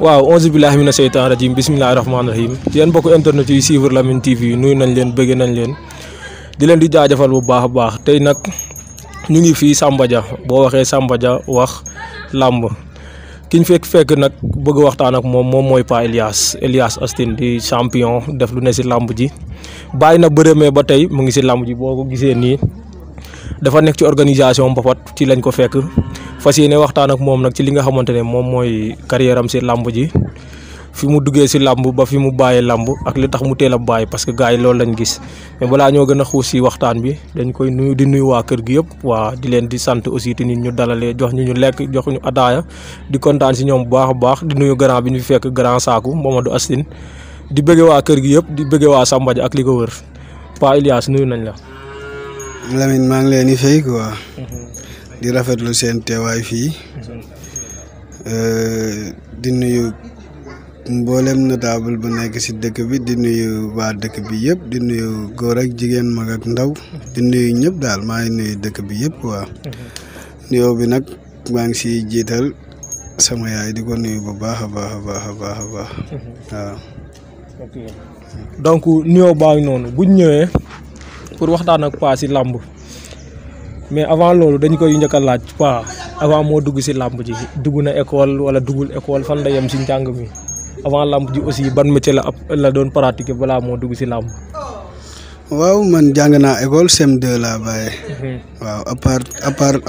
waaw onze billahi mina seytaan rajim bisimilahi rahmaani rahim yéen mbokk internet yi suivre Lamyn TV nuyu nañ leen bëgg nañ leen di leen di jaajëfal bu baax baax tey nag ñu ngi fii Samba Dia boo waxee Samba Dia wax làmb ki ñu fekk fekk nag bëgg waxtaan ak moom moom mooy Pa Elias Elias Astin di champion def lu ne si làmb ji bàyyi na bërëmee ba tey mu ngi si làmb ji boo ko gisee nii dafa nekk ci organisation mbapat ci lañ ko fekk fasiyene waxtaan ak mom nak ci li nga xamantene mom moy carrière am ci lamb ji fi mu duggé ci lamb ba fi mu bayé lamb ak li tax mu téla a parce que gaay yi loolu lañ gis mais bala ñoo gëna xoo ci waxtaan bi dañ koy nuyu di nuyu wa kër gi yëpp wa di leen di sante aussi té nit ñu dalalé jox ñu ñu lekk jox ñu adaya di contane ci ñom bu baax baax di nuyu grand bi ñu fekk grand saaku momadou Astin di bëggé wa kër gi yëpp di bëggé wa sambaaji ak li ko wër Pa ilias nuyu nañ la. Lamine ma ngi leen di fay quoi. Mhm. di rafetlu seen teewaay fii eh, di nuyu mboolem notable bu nekk si dëkk bi di nuyu waa dëkk bi yëpp di nuyu góor ak jigéen mag ak ndaw di nuyu ñëpp daal maa ngi nuyu dëkk bi yépp waa nuyoo bi nag maa ngi ciy jiital sama yaay di ko nuyu bu baax a baax a baax a baax a baax waaw. donc noonu bu ñu ñëwee pour waxtaan ak Paa ci làmb. mais avant loolu dañ koy njëkk laaj paa avant moo dugg si làmb ji dugg na école wala duggul école fan la yem si njàng mi avant làmb ji aussi ban métier la la doon pratiquer balaa moo dugg si làmb. waaw man jàng naa école CM2 laa bàyyee. Mhm. waaw à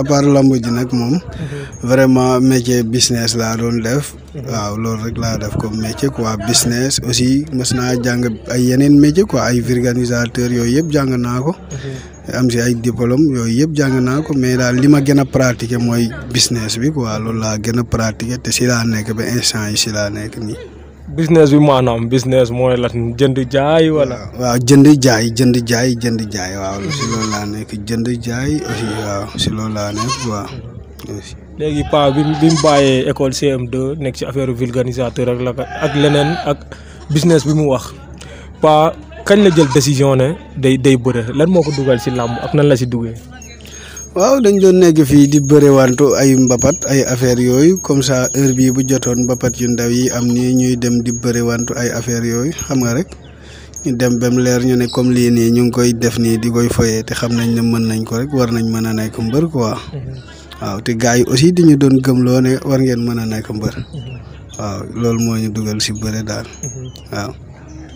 part ji nag moom. Mhm. vraiment métier business laa doon def. Mhm. waaw loolu rek laa def comme métier quoi business aussi mos naa jàng ay yeneen métier quoi ay vulgarisateur yooyu yëpp jàng naa ko. am si ay diplôme yooyu yëpp jàng naa ko mais daal li ma gën a pratiquer mooy business bi quoi loolu laa gën a pratiquer te si laa nekk ba instant yi si laa nekk nii. business bi maanaam business mooy la jënd jaay wala. waaw jënd jaay jënd jaay jënd jaay waaw si loolu laa nekk jënd jaay aussi waaw nekk waaw. mu affaire vulganisateur ak bi mu wax pa kañ la jël décision ne day day bëre lan moo ko dugal ci làmb ak nan la si duggee. waaw dañ doon nekk fii di bëre wantu ay mbapat ay affaire yooyu comme ça heure bii bu jotoon mbapat yu ndaw yi am nii ñuy dem di bëre wantu ay affaire yooyu xam nga rek ñu dem ba leer ñu ne comme lii nii ñu ngi koy def nii di koy foyee te xam nañ ne mën nañ ko rek war nañ mën a nekk mbër quoi. Mm-hmm. waaw te gars yi aussi di doon doon loo ne war ngeen mën a nekk mbër. Mm-hmm. waaw loolu moo ñu dugal daal mm-hmm.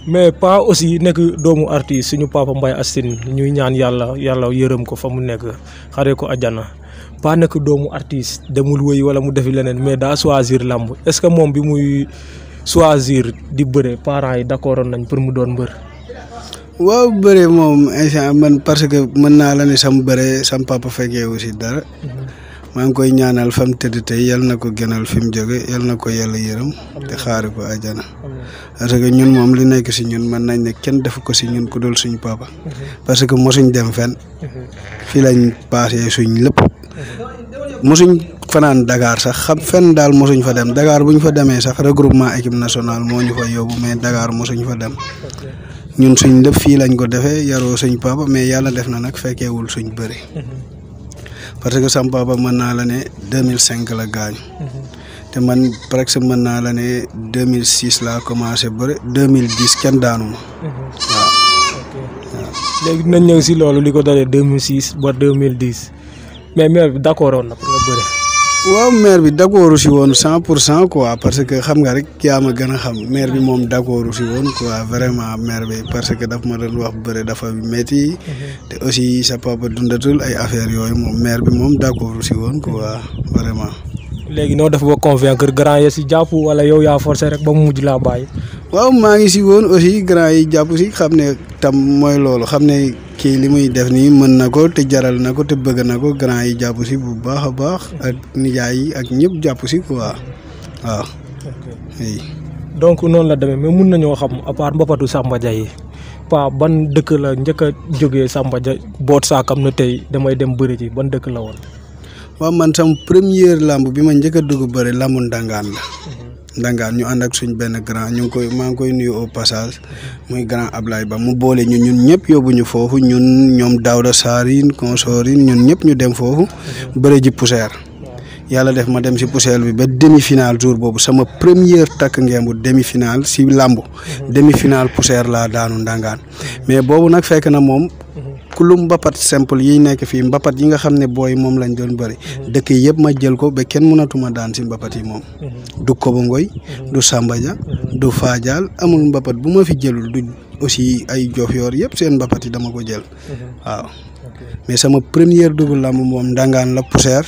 mais pas aussi nekk doomu artiste suñu papa Mbaye Astin ñuy ñaan yàlla yàlla yërëm ko fa mu nekk xare ko àjjana pas nekk doomu artiste mul wëy wala mu defi leneen mais daa choisir làmb est-ce que moom bi muy choisir di bëre parents yi d'accordoon nañ pour mu doon mbër. waaw bëre moom instant man parce que mën naa la ne sam bëre sam papa fekkee aussi dara. Mhm. maa ngi koy ñaanal fam tëdd tey yal na ko gënal fi mu jóge yal na ko yàlla yërëm te xaari ko ajana parce que ñun moom li nekk si ñun mën nañ ne kenn defu ko si ñun ku dul suñu papa parce que mosuñ dem fenn fii lañ passé suñ lépp mosuñ fanaan Dakar sax xam fenn daal mosuñ fa dem dakaar bu ñu fa demee sax regroupement équipe nationale moo ñu fa yóbbu mais dakaar mosuñ fa dem ñun suñ lépp fii lañ ko defee yaroo suñ papa mais yàlla def na nag fekkewul suñ bëri parce que sama ba mën naa la ne 2005 la gaañu. te man presque mën naa la ne 2006 laa commencé bëri 2010 kenn daanu ma. waaw. léegi dinañ ñëw si loolu li ko dalee 2006 ba 2010 mais mais na pour waaw maire bi d' accord si woon cent pour cent quoi parce que xam nga rek yaa ma gën a xam maire bi moom d' accord si woon quoi vraiment maire bi parce que daf ma doon wax bëre dafa métti mhm. te aussi sa papa dundatul ay affaire yooyu moom maire bi moom d' accord si woon quoi vraiment. léegi noo def ba convaincre grand yi si jàpp wala yow yaa forcé rek ba mu mujj laa bàyyi. waaw maa ngi si woon aussi grand yi jàpp si xam ne tam mooy loolu xam ne kii li muy def nii mën na ko te jaral na ko te bëgg na ko grand yi jàpp si bu baax a baax ak nijaay yi ak ñëpp jàpp si quoi waaw. donc noonu la demee mais mun nañoo xam à part mbappatu Samba Dia yi pa ban dëkk la njëkk a jógee Samba boot saakam na tey damay dem bëri ji ban dëkk la woon. wa man sam Premier lamb bi ma njëkk dugg bari lamb ndangaan la ndangaan ñu and ak suñu ben grand ñu koy ma ngoy nuyu au passage muy grand Ablaye Ba mu boole ñu ñun ñëpp yóbbu ñu ñun ñom dawda Saarin consorin ñun ñëpp ñu dem fofu bëre ji poussière yalla def ma dem si poussière bi ba demi final jour bobu sama Premier takk ngembu demi final si lamb demi final poussière la daanu ndangaan mais bobu nak fekk na mom kulum bapat simple yi nekk fii mbapat yi nga xamne boy mom lañ doon bari mhm. dekk yeb ma jël ko be ken mënatuma daan ci mbapat yi mom mhm. du ngoy mhm. du sambaja du faajaal amul mbapat bu ma fi jëlul du aussi ay jof yor yeb seen mbapat yi dama ko jël waaw mais sama premier double lamb mom ndangaan la pousser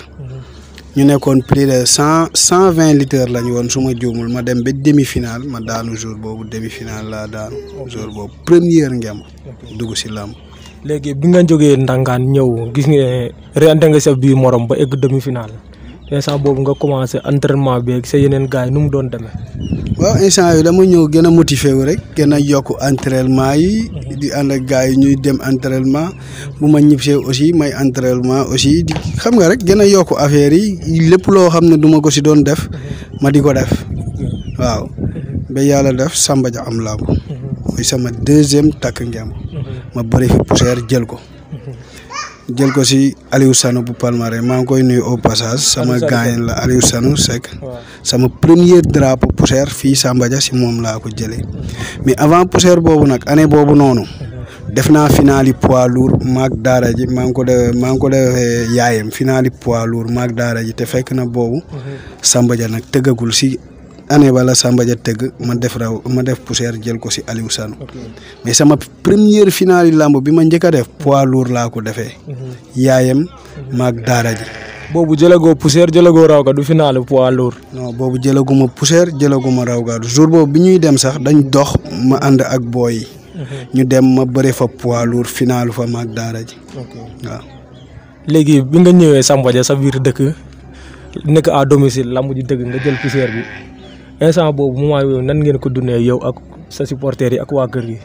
ñu nekkon plus de 100 120 liter lañ won suma ma ma dem be demi final ma daanu jour bobu demi final la daanu jour bobu premier ngem dugusi lamb léegi bi nga joge ndangan ñew gis nga réante nga sa bi morom ba egg demi final instant bobu nga commencé entraînement bi ak sa yenen gaay num doon démé wa instant yi dama ñew gëna motivé wu rek gëna yok entraînement yi. di and ak gaay ñuy dem entraînement bu ma ñibsee aussi may entraînement aussi di xam nga rek gëna yok affaire yi lepp lo xamne duma ko ci doon def ma di ko def waaw be yalla def Samba ja am làmb mooy sama deuxième tak ngam ma bëri fi poussière jël ko. jël ko si Aliou Sanou bu Palmarin maa ngi koy nuyu au passage sama gaañ la Aliou Sanou Seck sama premier drapeau poussière fii Samba Dia si moom laa ko jëlee mais avant poussière boobu nag année boobu noonu def naa finali poids lourd maag daara ji maa ngi ko de maa ngi ko defee yaayam finali poids lourd maag daara ji te fekk na boobu mhm. Samba nag tëggagul si année bala sàmba Dia tëgg ma def raw ma def poussière jël ko si Aliou Sane mais sama première finale làmb bi ma njëkk a def poids lourd laa ko defee. Mhm. yaayam mhm. maag daara ji. boobu jëlagoo poussière jëlagoo raw ga du finale poids lourd. non boobu ga jour bi ñuy dem sax dañ dox ma ànd ak booy yi. Mhm. dem ma bëre fa poids lourd final fa maag daara ji. waaw. bi nga ñëwee Samba sa biir dëkk nekk à domicile lamb ji dëgg jël poussière bi. instant boobu moment yooyu nan ngeen ko dundee yow ak sa supporters yi ak waa kër gi.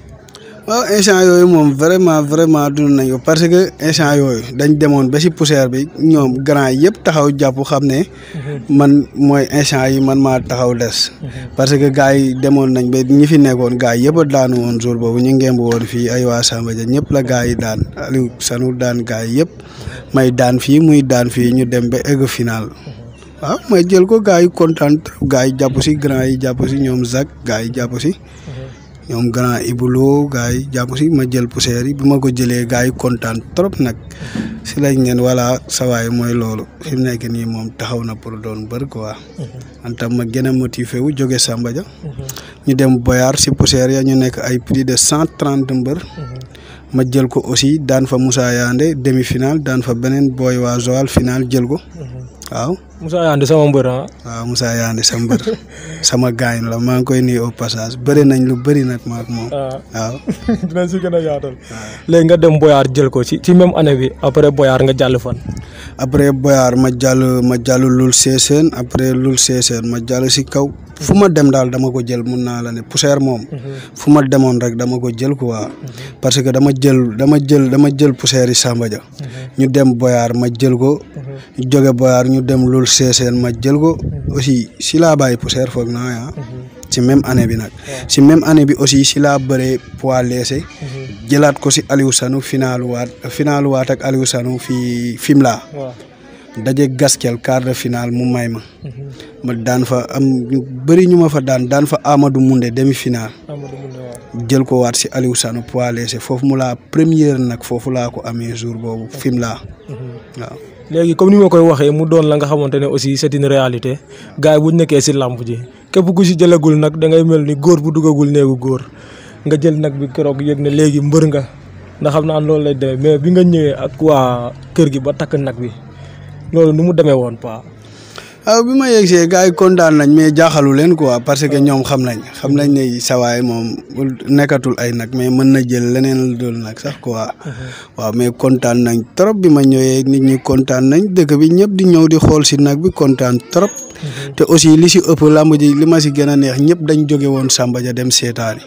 waaw instant yooyu moom vraiment vraiment dund nañ ko parce que instant yooyu dañ demoon ba si poussière bi ñoom grand yëpp taxaw jàpp xam ne. Mhm. man mooy instant yi man maa taxaw des. Mhm. parce que gars yi demoon nañ ba ñi fi nekkoon gars yëpp a daanu woon jour boobu ñu ngemb woon fii ay waa Samba Dia ñëpp la gars yi daan Aliou Sanu daan gars yëpp may daan fii muy daan fii ñu dem ba egg final. Mhm. waaw ah, may jël ko gars yi kontaan trop yi jàpp si grand yi jàpp si ñoom Zak gars yi jàpp si. ñoom grand Ibuloo gars yi jàpp si ma jël poussière yi bi ma ko jëlee gars yi kontaan trop nag si lañ neen voilà sawaay mooy loolu fi mu nekk nii moom taxaw na pour doon bër quoi. en ma gën a motivé wu jóge Samba ñu dem Boyar si poussière ya ñu nekk ay prix de cent trente mbër. ma jël ko aussi daan fa Moussa Yande demi final daan fa beneen booy waa Joal final jël ko. waaw Moussa Yande sama mbër ah. waaw Moussa Yande sama mbër sama gaañ la maa ngi koy nuyu au passage bëri nañ lu bëri nag ma ak moom. waaw si gën a yaatal. léegi nga dem Boyard jël ko ci ci même année bi après nga jàll fan. après ma jàll ma jàll lul seeseen après lul seeseen ma jàll si kaw. fu ma dem daal dama ko jël mun naa la ne poussière moom. Mhm. fu ma demoon rek dama ko jël quoi. Mhm. parce que dama jël dama jël dama jël poussière yi Samba Dia. Mhm. ñu dem Boyard ma jël ko. jóge Boyard ñu dem loolu seeseen ma jël ko mhm. aussi si laa bàyyi poussière foog naa yaa mhm. si même année bi nag si même année bi aussi si laa bëree poids léger mhm. jëlaat ko si Aliou Sanou finaalu waat finaalu waat ak Aliou Sanou fi Fimela daje gaskel quart de finale mu may ma ma daan fa ñu bëri ñu ma fa daan daan fa Amadou Moundé demi finale jël ko waat si Aliou Sanou poids léger foofu mu laa première nag foofu laa ko amee jour boobu Fimela waaw léegi comme ni ma koy waxee mu doon la nga xamante ne aussi c'est une réalité gars bu ñu nekkee si làmb ji képp ku si jëlagul nag dangay mel ni góor bu duggagul néegu góor nga jël nag bi keroog yëg ne léegi mbër nga ndax xam naa loolu lay demee mais bi nga ñëwee ak waa kër gi ba takk nag bi loolu nu mu demee woon pa Ah, bi ma yegsee gars yi kontaan nañ mais jaaxalu leen quoi parce que ñoom xam nañ xam nañ ne sawaay moom nekkatul ay nag mais mën na jël leneen la doon nag sax quoi. Uh-huh. waaw mais kontaan nañ trop bi ma ñëwee nit ñi kontaan nañ dëkk bi ñëpp di ñëw di xool si nag bi kontaan trop. Uh-huh. te aussi li si ëpp làmb ji li ma si gën a neex ñëpp dañ joge woon Samba dem seetaani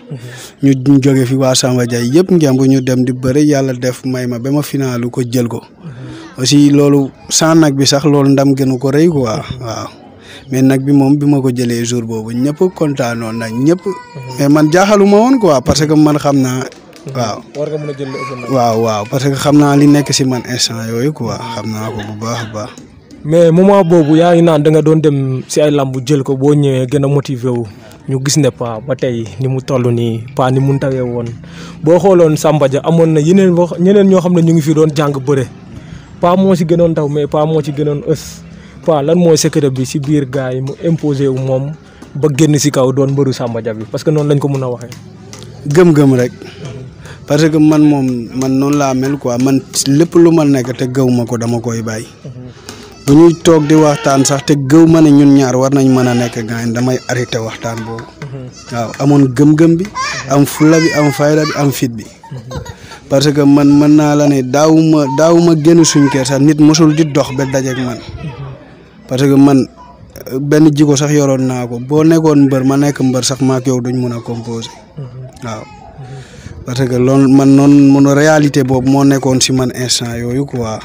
ñu uh-huh. ñu jóge fi waa Samba Dia yëpp ngemb ñu dem di bëri yàlla def may ma ba ma finaalu ko jël ko. aussi loolu sans nak bi sax ndam gënu ko rëy quoi waaw mais nag bi moom bi ma ko jëlee jour boobu ñëpp kontaanoon nañ ñëpp mais man jaaxaluma woon quoi parce que man xam waaw war nga waaw waaw parce que li nekk man instant yooyu quoi xam naa ko bu baax a baax mais moment boobu yaa naan da nga doon dem si ay lamb jël ko boo ñëwee gën a motivé wu ñu gis ne pa ba tey ni mu toll amon pa ni mu tawee woon na yeneen wax ñeneen ñoo ñu ngi fi doon bëre pas moo si gënoon ndaw mais pas moo ci gënoon ës pas lan mooy secret bi si biir gars yi mu imposé wu moom ba génn si kaw doon mbëru Samba Dia bi parce que noonu lañ ko mën a waxee. gëm-gëm rek. parce que man moom man noonu laa mel quoi man lépp lu ma nekk te gëw ma ko dama koy bàyyi. bu ñuy toog di waxtaan sax te gëw ma ne ñun ñaar war nañ mën a nekk gaañ damay arrêté waxtaan boobu. Mhm. waaw amoon gëm-gëm bi. am fulla bi am fayda bi am fit bi. Mhm. parce que man mën naa la ne daawuma daawuma génn suñ kër sax nit mosul di dox ba dajeeg man parce que man benn jiko sax yoroon naa ko boo nekkoon mbër ma nekk mbër sax maak yow duñ mun a composé waaw parce que loolu man noonu mun réalité boobu moo nekkoon si man instant yooyu quoi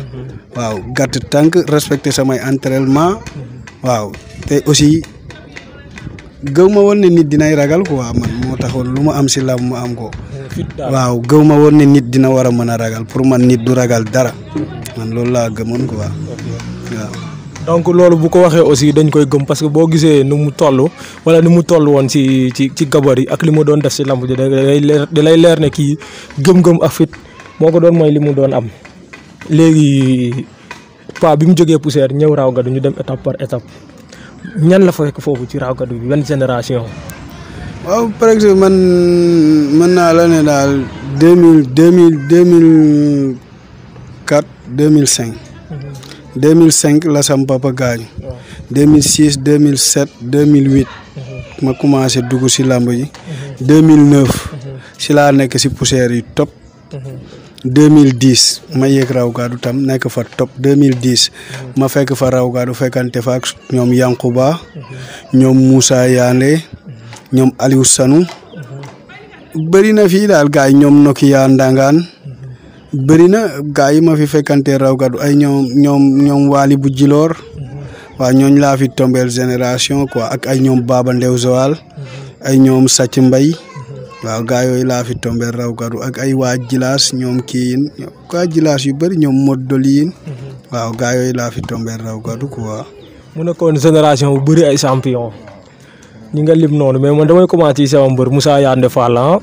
waaw gàtt tànk respecté samay entraînement waaw te aussi gëw ma woon ne nit dinay ragal quoi man moo taxoon lu mu am si làmb ma am ko. Eh, waaw gëw ma woon ne nit dina war a mën a ragal pour man nit du ragal dara man loolu laa gëmoon ko waaw. donc loolu bu ko waxee aussi dañ koy gëm parce que boo gisee nu mu toll wala nu mu toll woon ci ci ci gabar yi ak li ma doon def si làmb ji da leer da lay leer ne kii gëm-gëm ak fit moo ko doon mooy li mu doon am léegi pas bi mu jógee poussière ñëw raaw ga duñu dem étape par étape. ñan la fekk foofu ci raawkat bi ban génération. waaw par exemple man mën naa la ne daal deux mille deux mille deux mille quatre deux mille cinq. Mhm. deux mille cinq la sam papa gaañu. deux mille six deux mil sept deux mille huit. Mhm. ma commencé dugg si làmb ji. Mhm. deux mille neuf. si laa nekk si poussière yi topp. 2010 ma yéeg raw gaadu tam nekk fa top 2010 ma fekk fa raw gaadu fekkante fa ak ñoom Yankuba ñoom Moussa Yande ñoom Aliou Sanou bëri na fii daal gars yi ñoom Nokia Ndangaan bëri na gars yi ma fi fekkante raw gaadu ay ñoom ñoom bu Jiloor waa ñooñ laa fi tombeel génération quoi ak ay ñoom Baba Ndew Joal ay ñoom Sàcc Mbay waaw gaa yooyu laa fi tombé raw gadu ak ay waa jilaas ñoom kii yin waa jilaas yu bari ñoom moddoli yin mhm. waaw gaa yooyu laa fi tombé raw gadu quoi. mu nekkoon génération bu bëri ay champion ñi nga lim noonu mais man damay commencé ci sama mbër Moussa Yande Fall ah.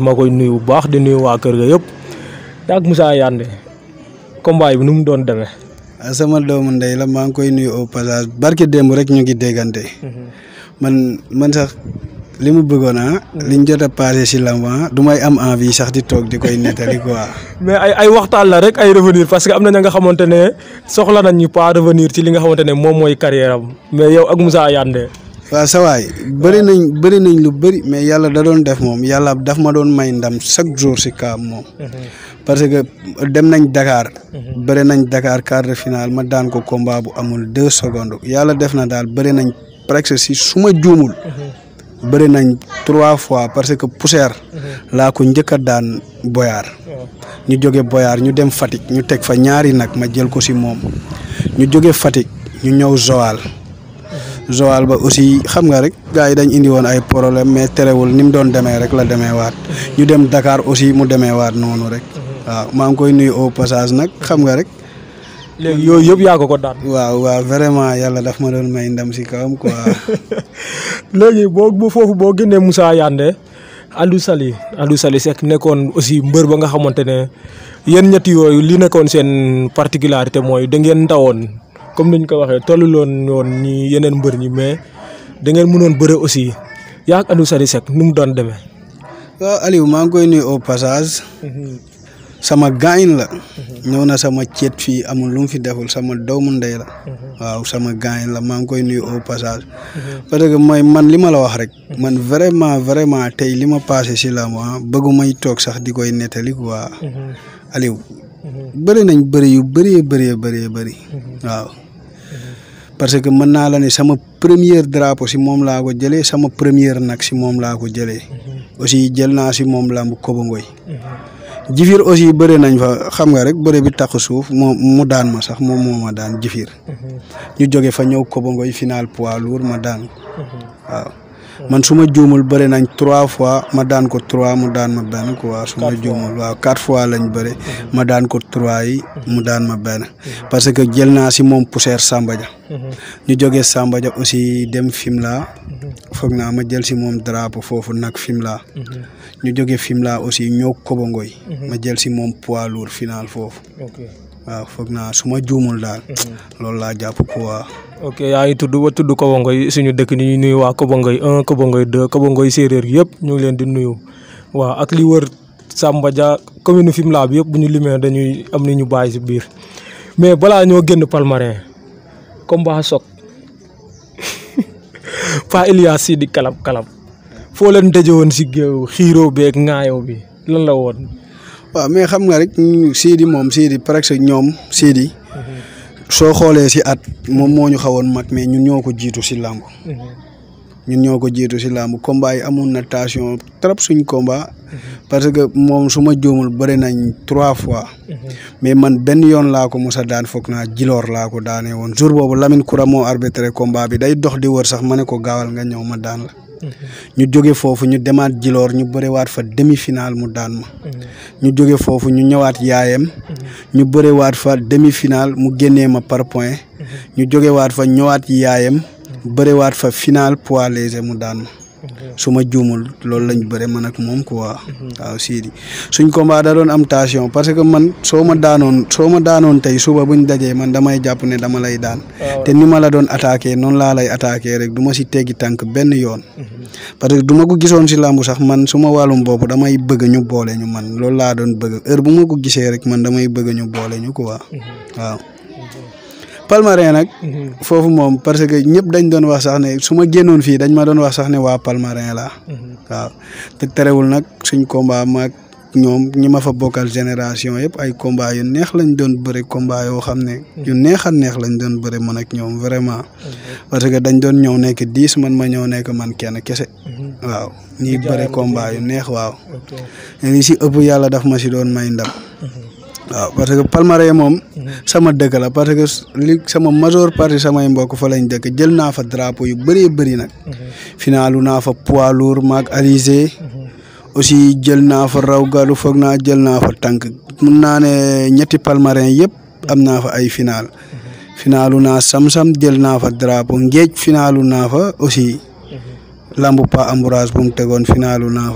ma koy nuyu bu baax di nuyu waa kër ga yëpp ak Moussa Yande combat bi nu mu doon demee. Ah, sama doom ndey la maa ngi koy nuyu au passage barke démb rek ñu ngi déggante. Mhm. man man sax. li mu bëggoon ah. liñ jot a passé si lamb ah, du may am envie sax di toog di koy nettali quoi. mais ay ay waxtaan la rek ay revenir parce que am na ña nga xamante ne soxla nañ ñu pas revenir ci li nga xamante ne moom mooy carrière am mais yow ak Moussa Yandé. waaw sa waay bëri nañ bëri nañ lu bëri mais yàlla da doon def moom yàlla daf ma doon may ndam chaque jour si kaam moom. Mhm. parce que dem nañ dakaar mhm. bëri nañ Dakar quart de finale ma daan ko combat bu amul deux secondes yàlla def na daal bëri nañ su ma juumul. Mhm. bëri nañ trois fois parce que poussière mhm. laa ko njëkk a daan boyaar ñu jóge boyaar ñu dem Fatick ñu teg fa ñaari nag ma jël ko si moom ñu jóge Fatick ñu ñëw Joal mhm. Joal ba aussi xam nga rek gars yi dañ indi woon ay problème mais terewul ni mu doon demee rek la demee waat mhm. ñu dem Dakar aussi mu demee waat noonu rek waaw maa ngi koy nuyu au passage nag xam nga rek léegi yooyu yëpp yaa ko ko daan waaw waaw yàlla daf ma doon may ndam si kawam ko léegi boo foofu boo génnee Moussa yànde Aliou sali Aliou sali Seck nekkoon aussi mbër ba nga xamante ne yéen ñett yooyu li nekkoon seen particularité mooy da ngeen ndawoon comme ni ñu ko waxee tolluloon woon ñi yeneen mbër ñi mais da ngeen mënoon bëre aussi yaa ak Aliou Saly Seck nu mu doon demee. waaw Aliou maa ngi koy nuyu au passage. Mhm. sama gaañ la. ñëw na sama ceet fii amul lu mu fi deful sama doomu ndey la. waaw sama gaañ la maa ngi koy nuy au passage. parce que mooy man li ma la wax rek. man vraiment vraiment tey li ma passé si la ah, ma bëggu may toog sax di koy nettaliku quoi. Aliou. bëri nañ bëri yu bëree bëree bëree bëri. waaw. parce que mën naa la ne sama première drapeau si moom laa ko jëlee sama première nag si moom laa ko jëlee. aussi jël naa si moom làmb Kobangoy. jifir aussi beure nañ fa xam nga rek beure bi taxu suuf mo mu daan ma sax mo mo ma daan jifir mhm. ñu jóge fa ñew ñëw kobangoy final poids lourd ma daan mhm. waaw man suma joomul beure nañ 3 fois ma daan ko 3 mu daan ma ben ko wa suma joomul wa 4 fois lañ beure mhm. ma daan ko 3 yi mu daan ma ben parce que jël ci mom pousser samba ja ñu samba ja aussi dem fimla fogg na ma jël ci mom drapeau fofu nak fimla ñu joggé jóge la aussi ñok ko bongoy mhm. ma jël ci mom poids lourd final foofu waaw foog naa su ma juumul daal mhm. loolu laa jàpp quoi ok yaa tuddu wa tuddu ko bongoy suñu dëkk ni ñuy nuyu ko bongoy 1 ko bongoy 2 ko bongoy séeréer yépp ñu ngi leen di nuyu wa ak li wër Samba Dia commune Fimela bi yépp bu ñu limee dañuy am ni ñu bay ci biir mais bala ñoo genn palmarin combat sok fa Ilias si kalam kalam foo leen daje woon si géew xiiroo beeg ŋaayoo bi lan la woon. waaw mais xam nga rek Sidi moom Sidi presque ñoom Sidi. soo xoolee si at moom moo ñu xawoon mag mais ñun ñoo ko jiitu si làmb. ñun ko jiitu si làmb combat yi amoon na tension trop suñ combat. parce que moom suma ma juumul nañ trois fois. mais man benn yoon laa ko mos a daan foog naa jiloor laa ko daanee woon jour boobu Lamine Koura moo arbitré combat bi day dox di wër sax ma ne ko gaawal nga ñëw ma daan la. ñu jóge foofu ñu demaat jiloor ñu bëriwaat fa demi final mu daan ma ñu jóge foofu ñu ñëwaat yaayam ñu bëriwaat fa demi final mu génnee ma par point ñu jógewaat fa ñëwaat yaayam bëriwaat fa final poids léger mu daan ma su ma juumul loolu lañ bëre man ak moom quoi. waaw Sidi suñ combat da am tension parce que man soo ma daanoon soo ma daanoon tey suba buñ dajee man damay jàpp ne dama lay daan. te ni ma la doon attaqué noonu laa lay attaqué rek duma si teggi tànk benn yoon. parce que du ma ko gisoon si làmbu sax man su ma wàllum bopp damay bëgg ñu boole ñu man loolu laa doon bëgg heure bu ma ko gisee rek man damay bëgg ñu boole ñu quoi mhm. waaw. Palmarin nag. Mhm. foofu moom parce que ñëpp dañ doon wax sax ne su ma génnoon fii dañ ma doon wax sax ne waa Palmarin la mhm. waaw te terewul nag suñ combat maag ñoom ñi ma fa bokkal génération yëpp ay combat yu neex lañ doon bëri combat yoo xam ne. Mhm. yu neex a neex lañ doon bëri man ak ñoom vraiment. parce que dañ doon ñëw nekk dix man ma ñëw nekk man kenn kese. waaw ñuy bëri yu neex waaw. li si ëpp yàlla daf ma si doon may ndam. waaw parce que Palmarin moom. Mhm. sama dëkk la parce que li sama majeure partie samay mbokk fa lañ dëkk jël naa fa drapeau yu bëree bëri nag. Mhm. finalu naa fa poids lourd maag mhm. aussi jël naafa raw galu foog naa jël naa fa tànk mun naa ne ñetti Palmarin yëpp am naa fa ay final. finalu naa sam-sam jël naa fa drapeau ngeej finalu naafa aussi. lambu pa ambourage bu mu tegoon finalu naa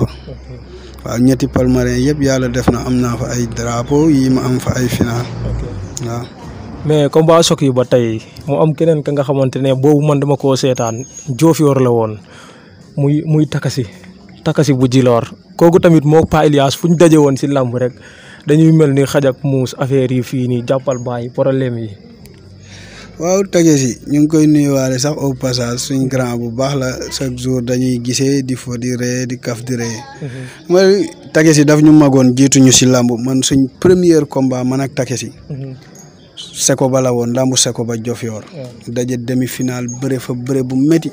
waaw ñetti palmarin yëpp yàlla def na am naa fa ay drapeau yi ma am fa ay final waaw mais combat choc yi ba tey mu am keneen ka nga xamante ne boobu man dama koo seetaan Diofior la woon muy muy takasi takasi bu jiloor kooku tamit moo Pa Elias fu ñu daje woon si làmb rek dañuy mel ni xaj ak muus affaire yi fii nii jàppal bàyyi problème yi waaw Tadja Sy ñu ngi koy nuyuwaale sax au passage suñ grand bu baax la chaque jour dañuy gisee di fo di ree di kaf di ree. Mhm. mooy Tadja Sy ñu magoon jiituñu si làmb man suñ première combat man ak Tadja Sy. Mhm. seko ba la woon làmbu seko ba Diofior. daje demi final bëre fa bëre bu métti.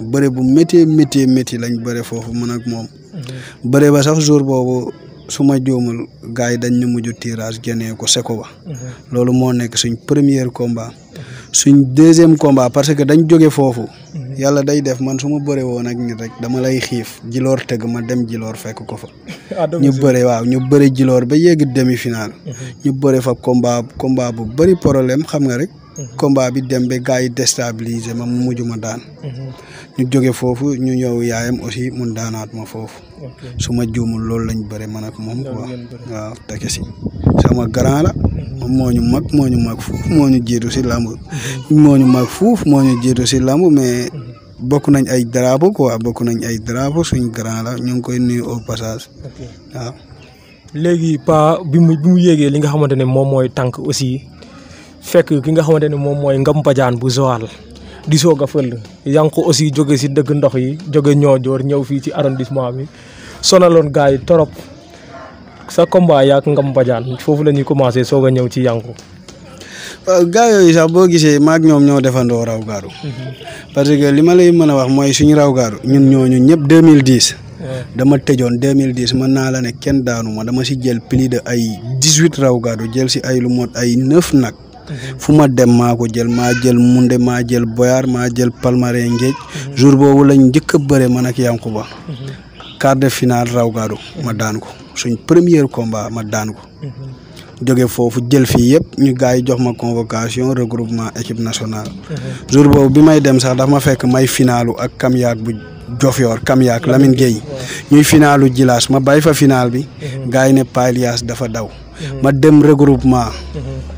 bëre bu méttee méttee métti lañ bëre foofu man ak moom. Mhm. bëre ba sax jour boobu. su ma juumul gars yi dañ ñu mujju tirage génnee ko seko ba. Mhm. loolu moo nekk suñ première combat. suñ deuxième combat parce que dañ jóge foofu. Mhm. yàlla day def man su ma bëree woon ak nit rek dama lay xiif jiloor tëgg ma dem jiloor fekk ko fa. ñu bëre waaw ñu bëri jiloor ba yegg demi final. Mhm. ñu bëre fa combat combat bu bëri problème xam nga rek. Mhm. combat bi dembe ba gars yi déstabiliser ma mu mujj ma daan. Mhm. ñu jóge foofu ñu ñëw yaayam aussi mun daanaat ma foofu. su ma juumul loolu lañ bëre man ak moom quoi waaw teke si sama grand la. Mhm. moo ñu mag moo ñu mag fuuf moo ñu jiitu si làmb. ñu mag fuuf moo ñu jiitu si làmb mais. bokk nañ ay drapeau quoi bokk nañ ay drapeau suñ grand la ñu ngi koy nuyu au passage. waaw. léegi pa bi mu bi yéegee li nga xamante ne moom mooy tànk aussi. fekk ki nga xamanteni mom moy ngam padjan bu zoal di soga feul fël ko aussi joge ci deug ndox yi joge jóge jor ñew fi ci arrondissement bi sonalon gaay torop sa combat yak ngam padjan fofu lañuy ñuy commencé soog a ñëw ci yanku gaa yooyu sax boo gisee maag ñom ñoo defandoo raw gaaru mhm. parce que lima lay mëna wax moy suñu raw gaaru ñun ñooñu ñep 2010 dama tejon 2010 man na la ne ken daanu ma dama ci jël plus de ay 18 raw gaaru jël ci ay lu mot ay 9 nak fu ma dem maa ko jël maa jël munde maa jël boyaar maa jël palmarin ngeej jour boobu lañ njëkk a bëre man ak Yankuba quart de finale raw gaadu ma daan ko suñ premier combat ma daan ko jóge foofu jël fii yëpp ñu gars yi jox ma convocation regroupement équipe nationale jour boobu bi may dem sax dafa ma fekk may finaalu ak kam yaag bu Jofior kam yaak Lamine ñuy finaalu jilaas ma bàyyi fa final bi mhm. gars yi ne Pailias dafa daw mhm. ma dem regroupement mhm.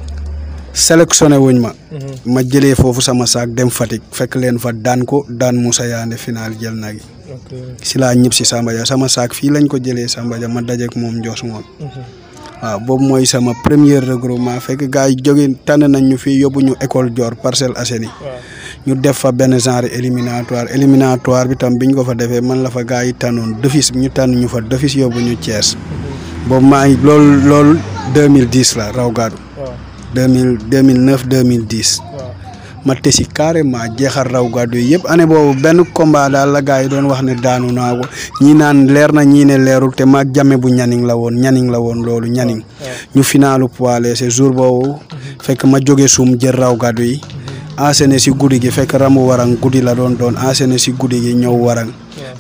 sélectionné wuñ ma. Mhm. ma jëlee foofu sama saak dem Fatick fekk leen fa daan ko daan Moussa Yande final jël naa gi. si laa ñib si Samba Dia sama saak fii lañ ko jëlee Samba Dia ma dajeek moom Ndios Ngom. Mhm. waaw boobu mooy sama premier regroupement fekk gars yi jóge tànn nañ ñu fii yóbbu ñu école Dior Parcelles Assainies. ñu def fa benn genre éliminatoire éliminatoire bi tam biñ ko fa defee man la fa gaa yi tànnoon defis ñu tànn ñu fa defis yóbbu ñu Thiès. Mhm. boobu maa ngi loolu loolu 2010 la raw gaadu. deux mille deux mille neuf deux mille dix. ma tesi carrément jeexal raw gàddu yëpp année boobu benn combat la gars yi doon wax ne daanu naa ko naan leer na ñii ne leerul te maag jame bu ñaning la woon ñaning la woon loolu ñaning ñu finaalu poids léger jour boobu mhm. fekk ma jóge suum jël raw gàddu yi enchaîné mhm. si guddi gi fekk ramu warang guddi la doon doon enchaîné si guddi gi ñëw warang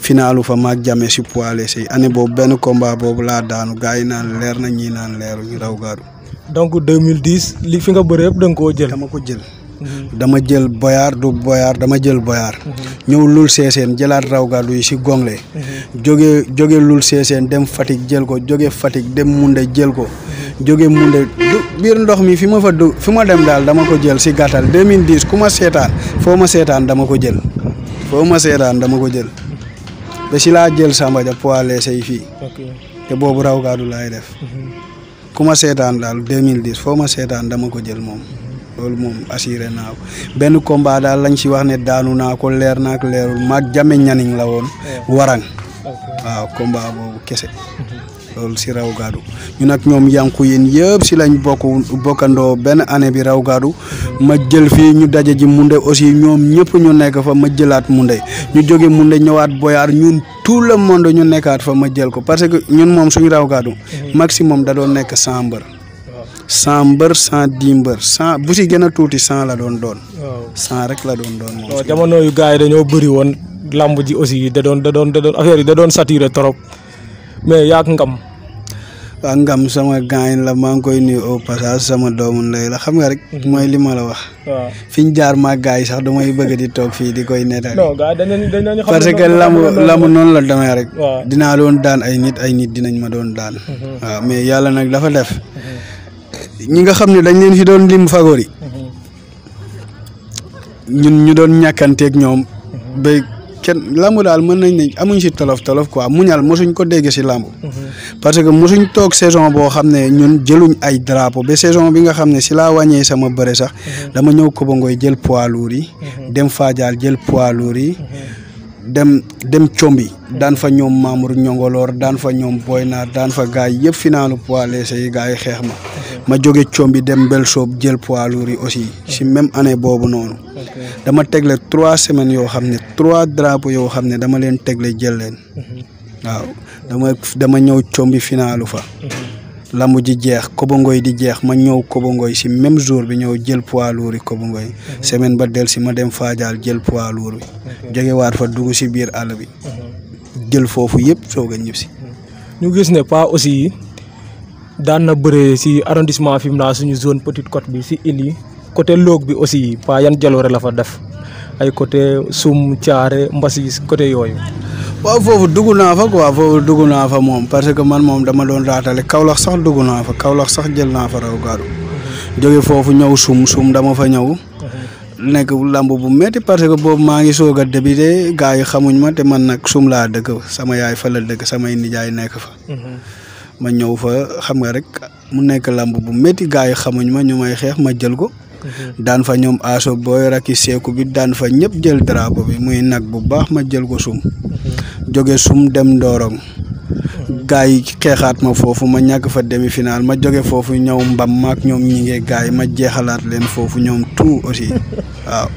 finaalu fa maag jame si poids léger année boobu benn combat boobu laa daanu gars yi naan leer na ñii naan leeru ñu raw gàddu donc 2010 li fi nga bëre yëpp da nga jël dama ko jël mhm. dama jël boyar du boyar dama jël boyar mhm. ñew lul seeseen jëlat raw ga lu ci gonglé mhm. joggé joggé lul seeseen dem fatik jël ko joggé fatik dem Munde jël ko joggé Munde biir ndox mi fi ma fa fi ma dem dal dama ko jël ci gatal 2010 kuma ma fo ma seetaan dama ko jël fo ma seetaan dama ko jël ba ci la jël Samba ja poalé sey fi fii te boobu raw du lay def Kuma sétan dal 2010 Foma ma seetaan dama ko jël mom loolu mom assuré na ko benn combat dal lañ ci wax ne daanu naa ko leer naa ko leerul jame ñaniñ la won eh, warang waaw combat boobu kese mhm. loolu si raw gadu ñu nak ñom yankou yeen yëpp si lañ bokku bokando ben année bi raw gadu ma jël fi ñu dajé ji munde aussi ñom ñëpp ñu nekk fa ma jëlaat munde ñu joggé munde ñëwaat boyar ñun tout le monde ñu nekkaat fa ma jël ko parce que ñun moom suñu raw gaadu mhm. maximum da doon nekk cent mbër cent mbër cent dix mbër cent bu si a tuuti cent la doon doon cent rek la doon doon moom jamono yu gars yi dañoo bëri ji aussi da doon da doon da affaire da doon saturé trop mais yaak ngam waa Ngam sama gaañ la maa koy nuyu au passage sama doomu ndey la xam nga rek. mooy li la wax. fi ñu jaar ma gars yi sax damay bëgg di toog fii di koy nettali. non gars dañu parce que lamb lamb noonu la demee rek. dinaa doon daan ay nit ay nit dinañ ma doon daan. Mhm. waaw mais yàlla nag dafa def. Mhm. ñi nga xam ne dañ leen fi doon lim favori mhm. ñu doon ñàkkanteeg ñoom. kenn lamb daal mën nañ ni amuñ si tolof tolof quoi muñal mosuñ ko dégg si làmb parce que mosuñ toog saison boo xam ne ñun jëluñ ay drapeau ba saison bi nga xam ne si laa wàññee sama bëre sax mhm. dama ñëw Kobangoy jël poids lourd yi mhm. dem Fadial jël poids lourd yi mhm. dem dem combi daan fa ñoom Mamour Ñongoloor daan fa ñoom Boy daan fa gaay yëpp finaalu poids léger yi gaay yi xeex ma ma jóge combi dem mbel soob jël poids lourd yi aussi si même année boobu noonu dama tegle trois semaines yoo xam ne trois drapeaux yoo xam ne dama leen tegle jël leen mhm. waaw dama dama ñëw combi finaalu fa mhm. lamb ji jeex kobongoy di jeex ma ñëw kobongoy si même jour bi ñëw jël poids lourd yi kobongoy mhm. semaine ba del si ma dem faajaal jël poids lourd bi jógewaat fa dugg si biir àll bi mhm. jël foofu yëpp soog a ñib si mhm. ñu gis ne pas aussi daan na bëree si arrondissement naa suñu zone Petite Côte bi si île yi côté Log bi aussi pas yan jaloore la fa def ay côté Soum Thiaré Mbassis côté yooyu waaw foofu dugg naa fa quoi foofu dugg naa fa moom parce que man moom dama doon raatale Kaolack sax dugg naa fa Kaolack sax jël naa fa raw gaadu jóge foofu ñëw sum sum dama fa ñëw nekk làmb bu metti parce que boobu maa ngi soog a débuté gars yi xamuñ ma man nag sum laa dëkk sama yaay fa la samay nijaay nekk fa ñëw fa xam nga rek mu nekk lamb bu métti gars yi xamuñ ma ñu may xeex ma jël ko daan fa ñoom aso booy raki seeku bi daan fa ñëpp jël drapeau bi muy nag bu baax ma jël ko sum jóge sum dem Ndorong gaay yi xeexaat ma foofu ma ñàkk fa demi final ma jóge foofu ñëw mbam maak ñoom ñi ngee gaay yi ma jeexalaat leen foofu ñoom tout aussi waaw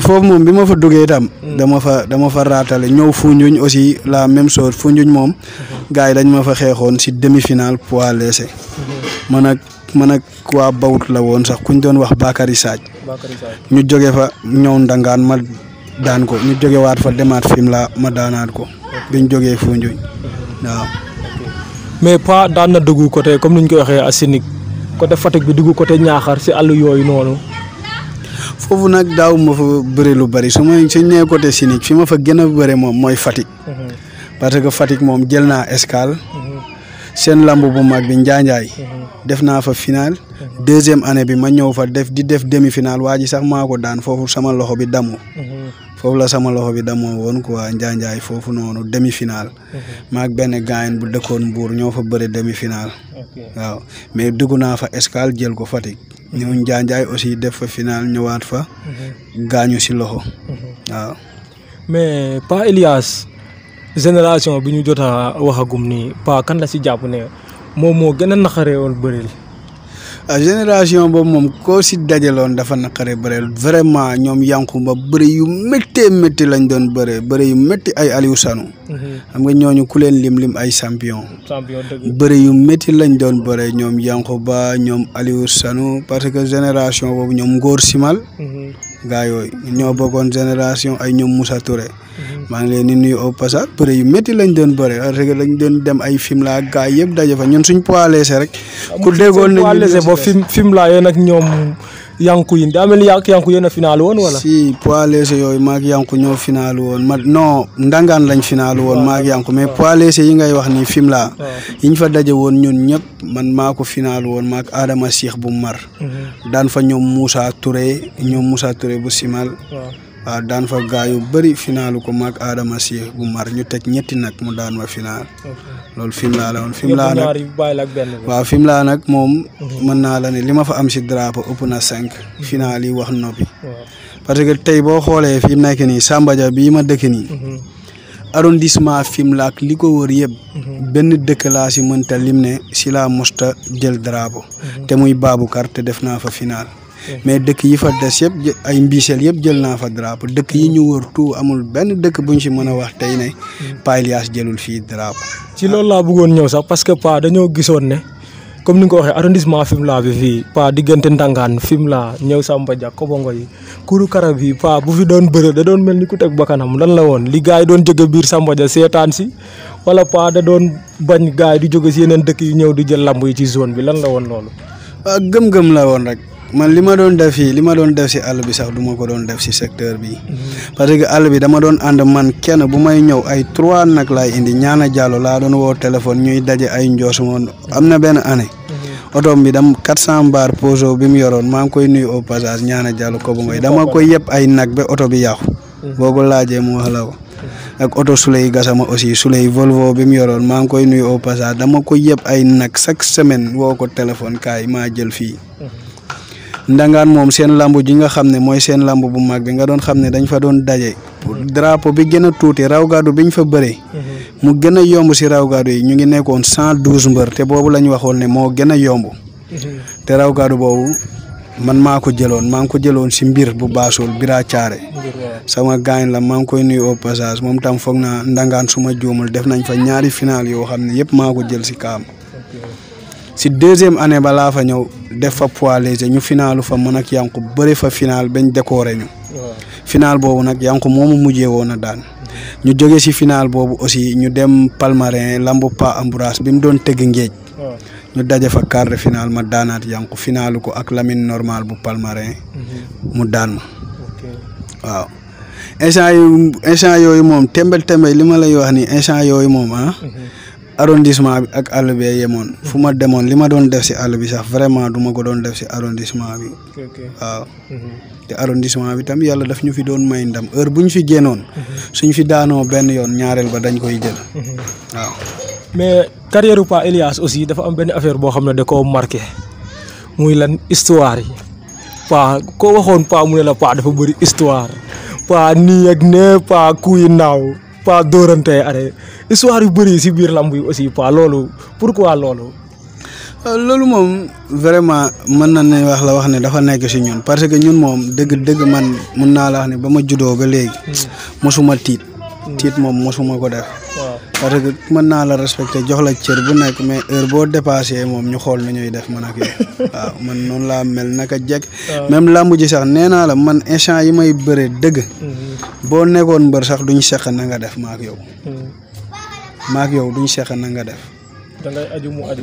foofu moom bi ma fa duggee itam mm. dama fa dama fa raatale ñëw Foundiougne aussi la même chose Foundiougne moom mm-hmm. gars yi dañ ma fa xeexoon si demi final poids léger mm-hmm. man ak man ak waa bawut la woon sax kuñ doon wax Bakary Sadj ñu joge fa ñëw ndangaan ma daan ko ñu jógewaat fa demaat Fimela ma daanaat ko biñ jógee Foundiougne waaw. mais pas daan na dugg comme ni ñu ko waxee Assainick côté Fatick bi dugg côté Niakhar si àll yooyu noonu. foofu nag daaw ma fa bëri lu bëri su ma suñ nee côté Sinig fi ma fa gën a bëri moom mooy Fatick. Mhm. parce que Fatick moom jël naa escale. Mhm. seen lamb bu mag bi Njaanjaay. Mhm. def naa fa final. deuxième année bi ma ñëw fa def di def demi final waa sax maa ko daan foofu sama loxo bi damu. foofu la sama loxo bi damoo woon waa Njaanjaay foofu noonu demi final. Mhm. maak benn gaayen bu dëkkoon Mbour ñoo fa bëri demi final. waaw mais dugg naa fa Escale jël ko Fatick. Mhm. ñëw Njaanjaay aussi def fa final ñëwaat fa. Mhm. gaañu si loxo. waaw. mais Pa Elias génération bi ñu jot waxagum nii Pa kan la si jàpp ne moom moo gën a naqaree woon a euh, génération boobu moom koo si dajaloon dafa naqare bëreel vraiment ñoom yànqu ba bëri yu méttee métti lañ doon bëree bëri yu métti ay Aliou Sanou mhm. xam nga ñooñu ku leen lim lim ay champion bëri yu métti lañ doon bëree ñoom yànqu ba ñoom Aliou Sanou parce que génération boobu ñoom Ngor Simal mhm. gaa yooyu ñoo bokkoon génération ay ñoom Moussa Touré. maa ngi leen di nuyu au passage bëre yu métti lañ doon bëre parce que lañ ay Fimela gaa yëpp daje fa ñun suñ poids rek. ku déggoon nañ poids léger ba fim ñoom Yanku yi daa Yanku yéen a final woon wala. si poids yooyu maak Yanku ñoo final woon ma non ndangaan lañ final woon. maak Yanku mais poids léger yi ngay wax nii Fimela. yi fa daje woon ñun ñëpp. man maa ko final woon maak Adama Cheikh bu mar mhm. daan fa ñoom Moussa Touré ñoom Moussa Touré bu simal waaw daan fa gaa yu bëri finalu ko maak Adama Cheikh bu mar ñu teg ñetti nag mu daan ma final loolu Fimela la woon Fimela nag nag moom mhm. mën naa la ne li ma fa am si drapeau ëpp na cinq mhm. final yi wax noppi parce que tey boo xoolee fi nekk nii Samba Dia bii ma dëkk nii arrondissement Fimela ak li ko wër yëpp. Mhm. benn dëkk laa si mënta lim ne si laa mosta jël drapeau. Mhm. te muy Baboucar te def naa fa final. Mhm. mais dëkk yi fa des yëpp ay mbiiseel yëpp jël naa fa drapeau dëkk yi ñu wër tout amul benn dëkk bu si mën a wax tey ne. Pa jëlul fii drapeau. ci loolu laa bëggoon ñëw sax parce que Pa dañoo gisoon ne. comme ni nga ko waxee arrondissement Fimela bi fii pa diggante Ndangaan Fimela ñëw Samba Dia Kobongo yi Kourou Karab bii pa bu fi doon bëre da doon mel ni ku teg bakkanam lan la woon li gars yi doon jóge biir Samba Dia seetaan si wala pa da doon bañ gars yi di jóge si yeneen dëkk yi ñëw di jël lamb yi ci zone bi lan la woon loolu. gëm-gëm la woon rek. man li ma doon def fii li ma doon def si àll bi sax du ma ko doon def si secteur bi parce que àll bi dama doon ànd man kenn bu may ñëw ay trois nag laay indi ñaana jàllo laa doon woo téléphone ñuy daje ay njoosumoon am na benn année otoom bi dam quatre cent mbar poso bi mu yoroon maa ngi koy nuyu au passage ñaana jàllo ko bu ngoy dama koy yëpp ay nag ba oto bi yàqu boo ko laajee mu wax la ko ak oto Souley Gassama aussi Souley Volvo bi mu yoroon maa ngi koy nuyu au dama ko yëpp ay nag chaque semaine woo ko téléphone kaay maa jël fii ndangaan moom seen làmb ji nga xam ne mooy seen làmb bu mag bi nga doon xam ne dañ fa doon daje drapeau bi gën a tuuti raw bi ñu fa bëree mu gën a yomb si raw gaadu yi ñu ngi nekkoon cent douze mbër te boobu la ñu waxoon ne moo gën a yomb te raw gaadu boobu man maa ko jëloon maa ngi ko jëloon si mbir bu baasul bira caare sama gaañ la maa ngi koy nuyu au moom tam foog naa ndangaan suma juumul def nañ fa ñaari final yoo xam ne yëpp maa ko jël si kaam si deuxième année balaa fa ñëw def fa poids léger ñu finaalu fa mën ak Yankou bëri fa final bañ décoré ñu. final boobu nag Yankou moomu mujjee woon na daan. ñu jóge si final boobu aussi ñu dem Palmarin lambu Pa Ambroise bi mu doon tëgg ngéej. ñu daje fa quart final ma daanaat Yankou finaalu ko ak Lamine normal bu Palmarin. Mhm. mu daan ma. waaw instant yooyu moom tembel tembel li ma lay wax ni instant yooyu moom ah. mhm. arrondissement bi ak àll bi yemoon hmm. fu ma demoon li ma doon def si àll bi sax vraiment duma ko doon def si arrondissement bi waaw hmm. te arrondissement bi tam yàlla daf ñu fi doon may ndam heure bu ñu fi génnoon hmm. suñ fi daanoo benn yoon ñaareel ba dañ koy jël waaw mais carrière u Pa aussi dafa am benn affaire boo xam ne da koo marqué muy lan histoire yi koo waxoon mu la dafa bëri histoire Pa nii ak ne Pa kuy naaw pas dóorante arrêt histoire yu bëri si biir lamb yi aussi pas loolu pourquoi loolu. Euh, loolu moom vraiment mën na ne wax la wax ne dafa nekk si ñun parce que ñun moom dëgg dëgg man mun naa la wax ne ba ma juddoo ba léegi. Hmm. mosuma tiit. Hmm. tiit moom mosuma ko def. parce que mën naa la respecté jox la cër bu nekk mais heure boo dépassé moom ñu xool na ñuy def man ak yow waaw man noonu laa mel naka jekk même làmb ji sax nee naa la man instant yi may bëree dëgg mhm. boo nekkoon mbër sax duñ seq na nga def maak yow mhm. maak yow duñ seq na nga def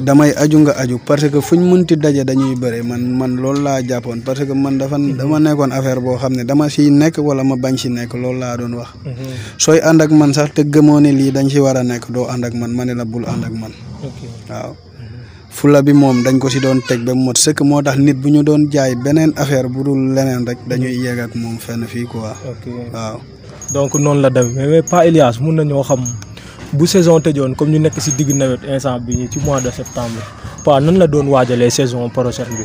damay aju nga aju parce que fuñ munti dajé dañuy béré man man lool la japon parce que man dafa mhm. dama nékkone affaire bo xamné dama ci nekk wala ma bañ si nekk lool la doon wax mhm. soy and ak man sax te gëmoo li dañ ci wara a do and ak man mané la bul and ak man waaw mhm. fula bi mom dañ ko ci doon tek ba mot ce que motax nit buñu doon jaay benen affaire bu dul leneen rek dañuy yegg ak mom fenn fi quoi waaw donc non la dem mais pas Elias mën nañu xam bu saison tëjoon comme ñu nekk si digg nawet instant bi ci mois de septembre waaw nan la doon waajalee saison prochaine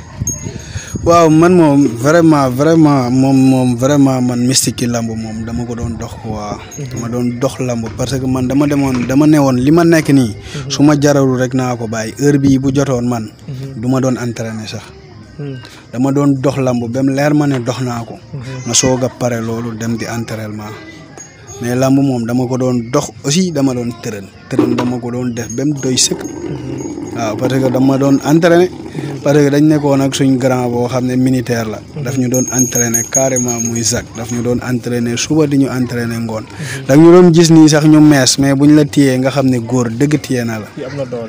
waaw man moom vraiment vraiment moom moom vraiment man mystique ci lamb moom dama ko doon dox quoi. Mhm. dama doon dox lamb parce que man dama demoon dama ne woon li ma nekk nii. Mhm. su ma jaralul rek naa ko bàyyi heure bi bu jotoon man. Mhm. du ma doon entraîner sax. dama doon dox lamb ba mu leer ma ne dox naa ko. ma soog a pare loolu dem di entraînement. mais làmb moom dama ko doon dox aussi dama doon tërën tërën dama ko doon def ba mu doy sëkk. waaw parce que dama doon entraîné. parce que dañ nekkoon ak suñ grand boo xam ne militaire la. daf ñu doon entraîné carrément muy Zak daf ñu doon entraîné suba di ñu entraîné ngoon. daf ñu doon gis nii sax ñu mees mais bu ñu la téyee nga xam ne góor dëgg téye na la.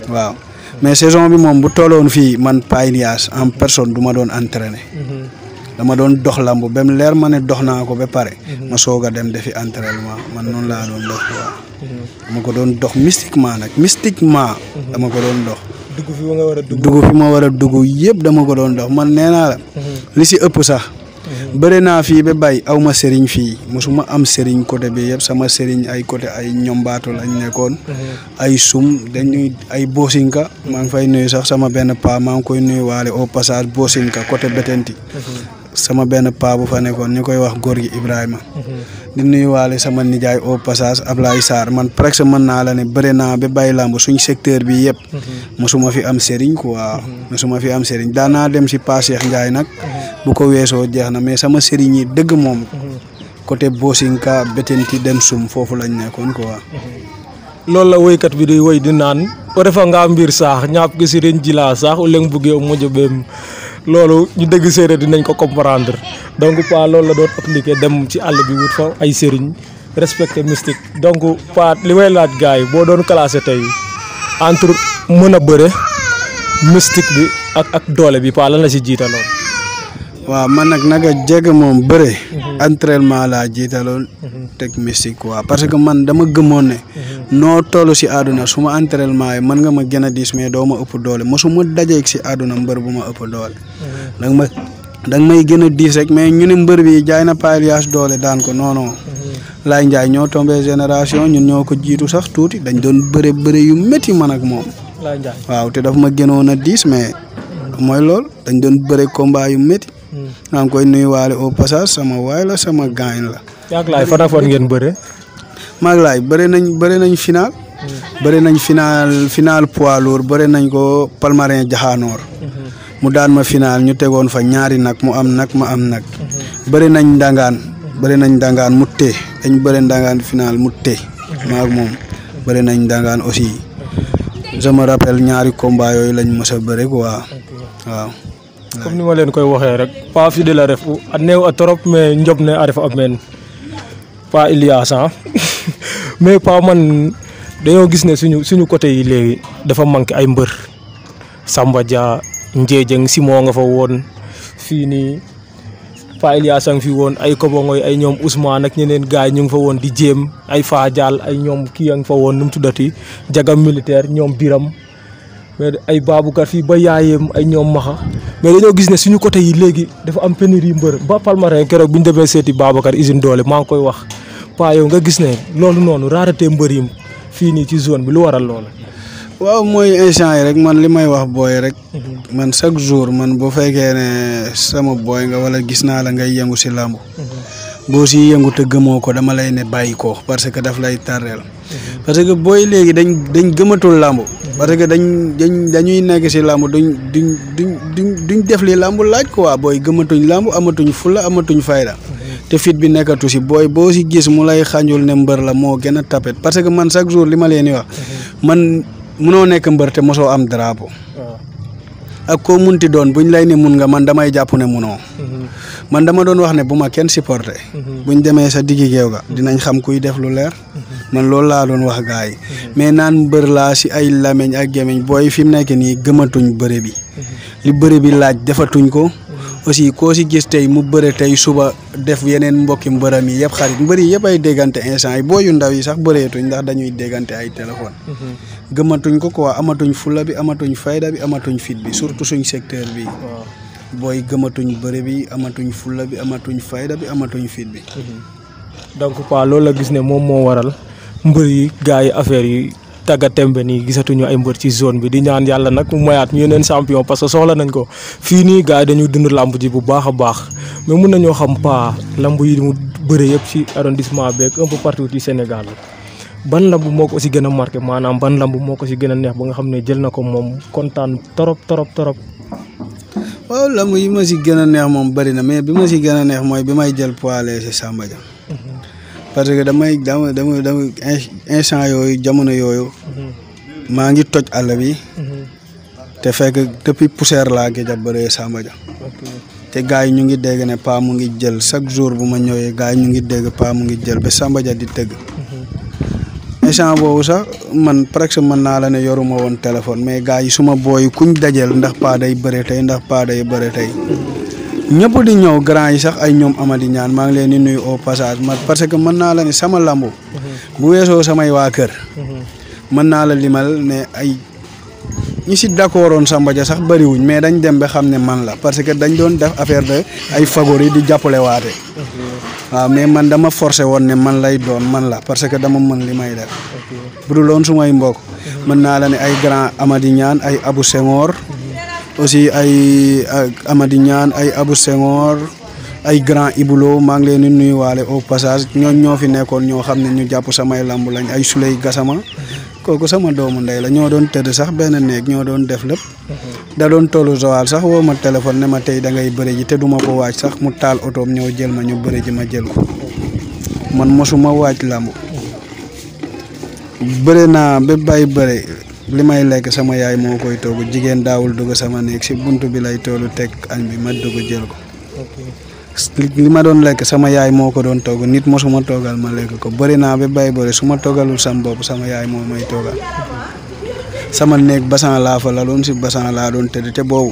waaw mais saison bi moom bu tolloon fii man Paye Dias en personne duma doon entraîné. Mhm. dama doon dox lamb ba mu leer ma ne dox naa ko ba pare. Mhm. ma soog a dem defi entraînement man noonu laa doon dox waaw. Mhm. dama ko doon dox mystiquement nag mystiquement. Mhm. dama ko doon dox. dugg fi ma war a dugg dugg yëpp dama ko doon dox man nee naa la. li si ëpp sax. bëri naa fii ba bàyyi aw ma sëriñ fii mosuma am sëriñ côté bi yëpp sama sëriñ ay côté ay ñombaatu lañ nekkoon. ay sum dañuy ay boosinka maa ngi fay nuyu sax sama benn paa maa ngi koy nuyu waale au passage boosinka côté Betenti. sama ben pa bu fa nekkoon ñu koy wax gor gi Ibrahima. di walé sama nijaay au passage Ablaye sar man presque man na la ni béré na ba bay lamb suñu secteur bi yépp musuma fi am sëriñ quoi. musuma fi am sëriñ da na dem si pas Cheikh ndjay nak bu ko jeexna mais sama seringi yi dëgg moom. côté Bosinka Betenti dem sum fofu lañ nekkoon quoi. lol la kat bi di woy di nan ko defa nga mbir sax ñap gi jila sax leng o loolu ñu dégg séeréer dinañ ko comprendre donc pa loolu la doon appliqué dem ci àll bi wut fa ay sëriñ respecté mystique donc pa li may laaj gars yi boo doon classé tey entre mën a bëre mystique bi ak ak doole bi pa lan la si jiitaloon waaw man nag naka jege moom bëre. Mhm. entraînement laa jiitaloon. Mhm. teg mystique quoi parce que man dama gëmoon ne. Mhm. noo toll si àdduna suma ma yi man nga ma gën a diis mais doo ma ëpp doole mosuma dajeeg si àdduna mbër bu ma ëpp doole. da ma da may gën a diis rek mais ñu ne mbër bi jaay na palliage doole daan ko non non. Laye Ndiaye ñoo tombé génération ñu ñoo ko jiitu sax tuuti dañ doon bëre bëre yu métti man ak moom. waaw te daf ma gënoon a diis mais. mooy lool dañ doon bëre combat yu métti. maa ngi koy nuyuwaale au passage sama waay la sama gaañ la. yaa ngi laay fan ak fan bëre. nañ bëre nañ final. Hmm. bëre nañ final final poids lourd bëre nañ ko Palmarin Jaxaanoor. Hmm. mu daan ma final ñu tegoon fa ñaari nag mu am nag ma am nag. Hmm. bëri nañ ndangaan bëri nañ ndangaan mu tee dañ bëri ndangaan final mu tee. maa moom bëri nañ ndangaan aussi. je me ñaari combat yooyu lañ mës a bëri quoi waaw. comme ni ma leen koy waxee rek pa fidèle a refu a new a trop mais njob ne a refa a meen pa Ilias mais pa man dañoo gis ne suñu suñu côté yi léegi dafa manqué ay mbër Samba Dia Ndiédieng Simon nga fa woon fii nii paa Ilias a fi woon ay Kobongoy ay ñoom Ousmane ak ñeneen gars yi ñu ngi fa woon di jéem ay Fadial ay ñoom kii a ngi fa woon nu mu tuddati jagam militaire ñoom Biram mais ay Baboucar fii ba yaayeem ay ñoom maxa mais dañoo gis ne suñu côté yi léegi dafa am pénurie mbër ba Palmarin keroog bi ñu demee seeti Babacar usine doole maa ngi koy wax paa yow nga gis ne loolu noonu rareté mbër yi fii nii ci zone bi lu waral loolu. waaw mooy instant yi rek man li may wax booy rek. Mhm. man chaque jour man bu fekkee ne sama booy nga wala gis naa la ngay yëngu si làmb. Mhm. boo si yëngu te gëmoo ko dama lay ne bàyyi ko parce que daf lay tardeel. Mhm. parce parce que dañ dañ dañuy nekk si làmb duñ duñ duñ duñ duñ def li làmb laaj quoi booy gëmatuñ làmbu amatuñ fulla amatuñ fayda te fit bi nekkatu si booy boo si gis mu lay xànjul ne mbër la moo gën a tapet parce que man chaque jour li ma leen di wax mhm. man mënoo nekk mbër te mosoo am drapeau ak koo mun munti doon ñu lay ne mun nga man damay jàpp ne munoo mm-hmm. man dama doon wax ne bu ma kenn mm-hmm. bu ñu demee sa diggi géew ga dinañ xam kuy def lu leer mm-hmm. man loolu laa doon wax gaa yi mais naan mbër laa si ay lameñ ak gémeñ booy fi mu nekk nii gëmatuñ bëre bi li bëre bi laaj defatuñ ko aussi koo si gis tey mu bëre tey suba def yeneen mbokki mbëram yi yëpp xarit mbëri yëpp ay déggante instant yi booyu ndaw yi sax bëreetuñ ndax dañuy déggante ay téléphone mhm. gëmatuñ ko quoi amatuñ fula bi amatuñ fayda bi amatuñ fit bi surtout suñ secteur bi booy gëmatuñ bëre bi amatuñ fula bi amatuñ fayda bi amatuñ fit bi mhm. donc quoi loolu la gis ne moom moo waral mbër yi gars yi yi tagatembe tembe ni gisatuñu ay mbeur ci zone bi di ñaan yalla nak mu mayat ñu yeneen champion parce que soxla nañ ko fi ni gaay dañu dund lamb ji bu baaxa baax mais mu nañu xam pa lamb yi mu beure yeb ci arrondissement bek un peu partout ci Sénégal ban lamb moko ci gëna marqué manam ban lamb moko ci gëna neex ba nga xamné jël nako mom contane torop torop torop waaw lamb yi ma ci gëna neex mom bari na mais bi ci gëna neex moy bima jël poalé ci Samba parce que damay dama dama dama instant yooyu jamono yooyu maa ngi toj àll bi te fekk depuis poussière laa gëj a bëree Samba te gars yi ñu ngi dégg ne pa mu ngi jël chaque jour bu ma ñëwee gars ñu ngi dégg pa mu ngi jël ba Samba di tëgg instant boobu sax man presque man naa la ne yoruma woon téléphone mais gars yi suma booy kuñ dajeel ndax paa day bëre tey ndax pa day bëre tey ñëpp di ñëw grand yi sax ay ñoom amadi ñaan maa ngi leen di nuyu au passage ma parce que mën naa la ni sama lambu bu weesoo samay waa kër mën naa la limal ne ay ñi si d'accordoon Samba Dia sax bëriwuñ mais dañ dem ba xam ne man la parce que dañ doon def affaire de ay favori di jàppale waate waaw mais man dama forcé woon ne man lay doon man la parce que dama mën li may def bu dul woon sumay mbokk mën naa la ni ay grand amadi ñaan ay abu senghor aussi ay Amady ñaan ay Abou Senghor ay grand Iboulo maa ngi leen di nuyuwaale au passage ñooñ ñoo fi nekkoon ñoo xam ne ñu jàpp samay làmb lañ ay Souley Gassama kooku sama doomu ndey la ñoo doon tëdd sax benn néeg ñoo doon def lépp da doon tollu Joal sax woo ma téléphone ne ma tey da ngay bëre ji te duma ko waaj sax mu taal otoom ñoo jël ma ñu bëre ji ma jël ko man mosuma waaj lamb bëre naa ba bàyyi bëre li may lekk sama yaay moo koy togg jigéen daawul dugg sama néeg si bunt bi lay toolu teg añ bi ma dugg jël ko li ma doon lekk sama yaay moo ko doon togg nit mo suma toogal ma lekk ko bari naa ba bay bëri su ma toogalul sam bopp sama yaay moo may toogal sama néeg basan laa fa la doon si basan laa doon tëdd te boobu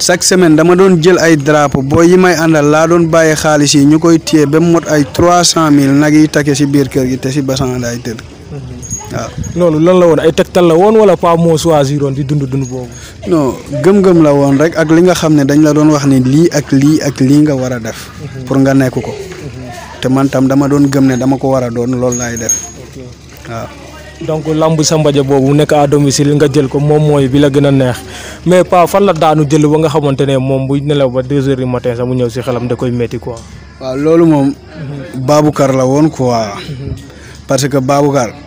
chaque semaine dama doon jël ay drapeau boo yi may àndal laa doon bàyyi xaalis yi ñu koy téye ba mot ay trois cent mille nag yi take si biir kër gi te si basan laay tëdd Ah. loolu lan la woon ay tegtal la woon wala pas moo choisiroon di dund dund boobu. non gëm-gëm la woon rek ak li nga xam ne dañ la doon wax ne lii ak lii ak lii nga war a def. pour nga nekk ko. te man tam dama doon gëm ne dama ko war a doon loolu laay def. waaw. donc lamb sa mbaja boobu nekk à domicile nga jël ko moom mooy bi la gën a neex mais pas fan la daanu jël ba nga xamante ne moom bu nelaw ba deux heures du matin sax mu ñëw si xelam da koy métti quoi. waaw loolu moom. Mhm. Baboucar la woon quoi. Mhm. parce que Baboucar.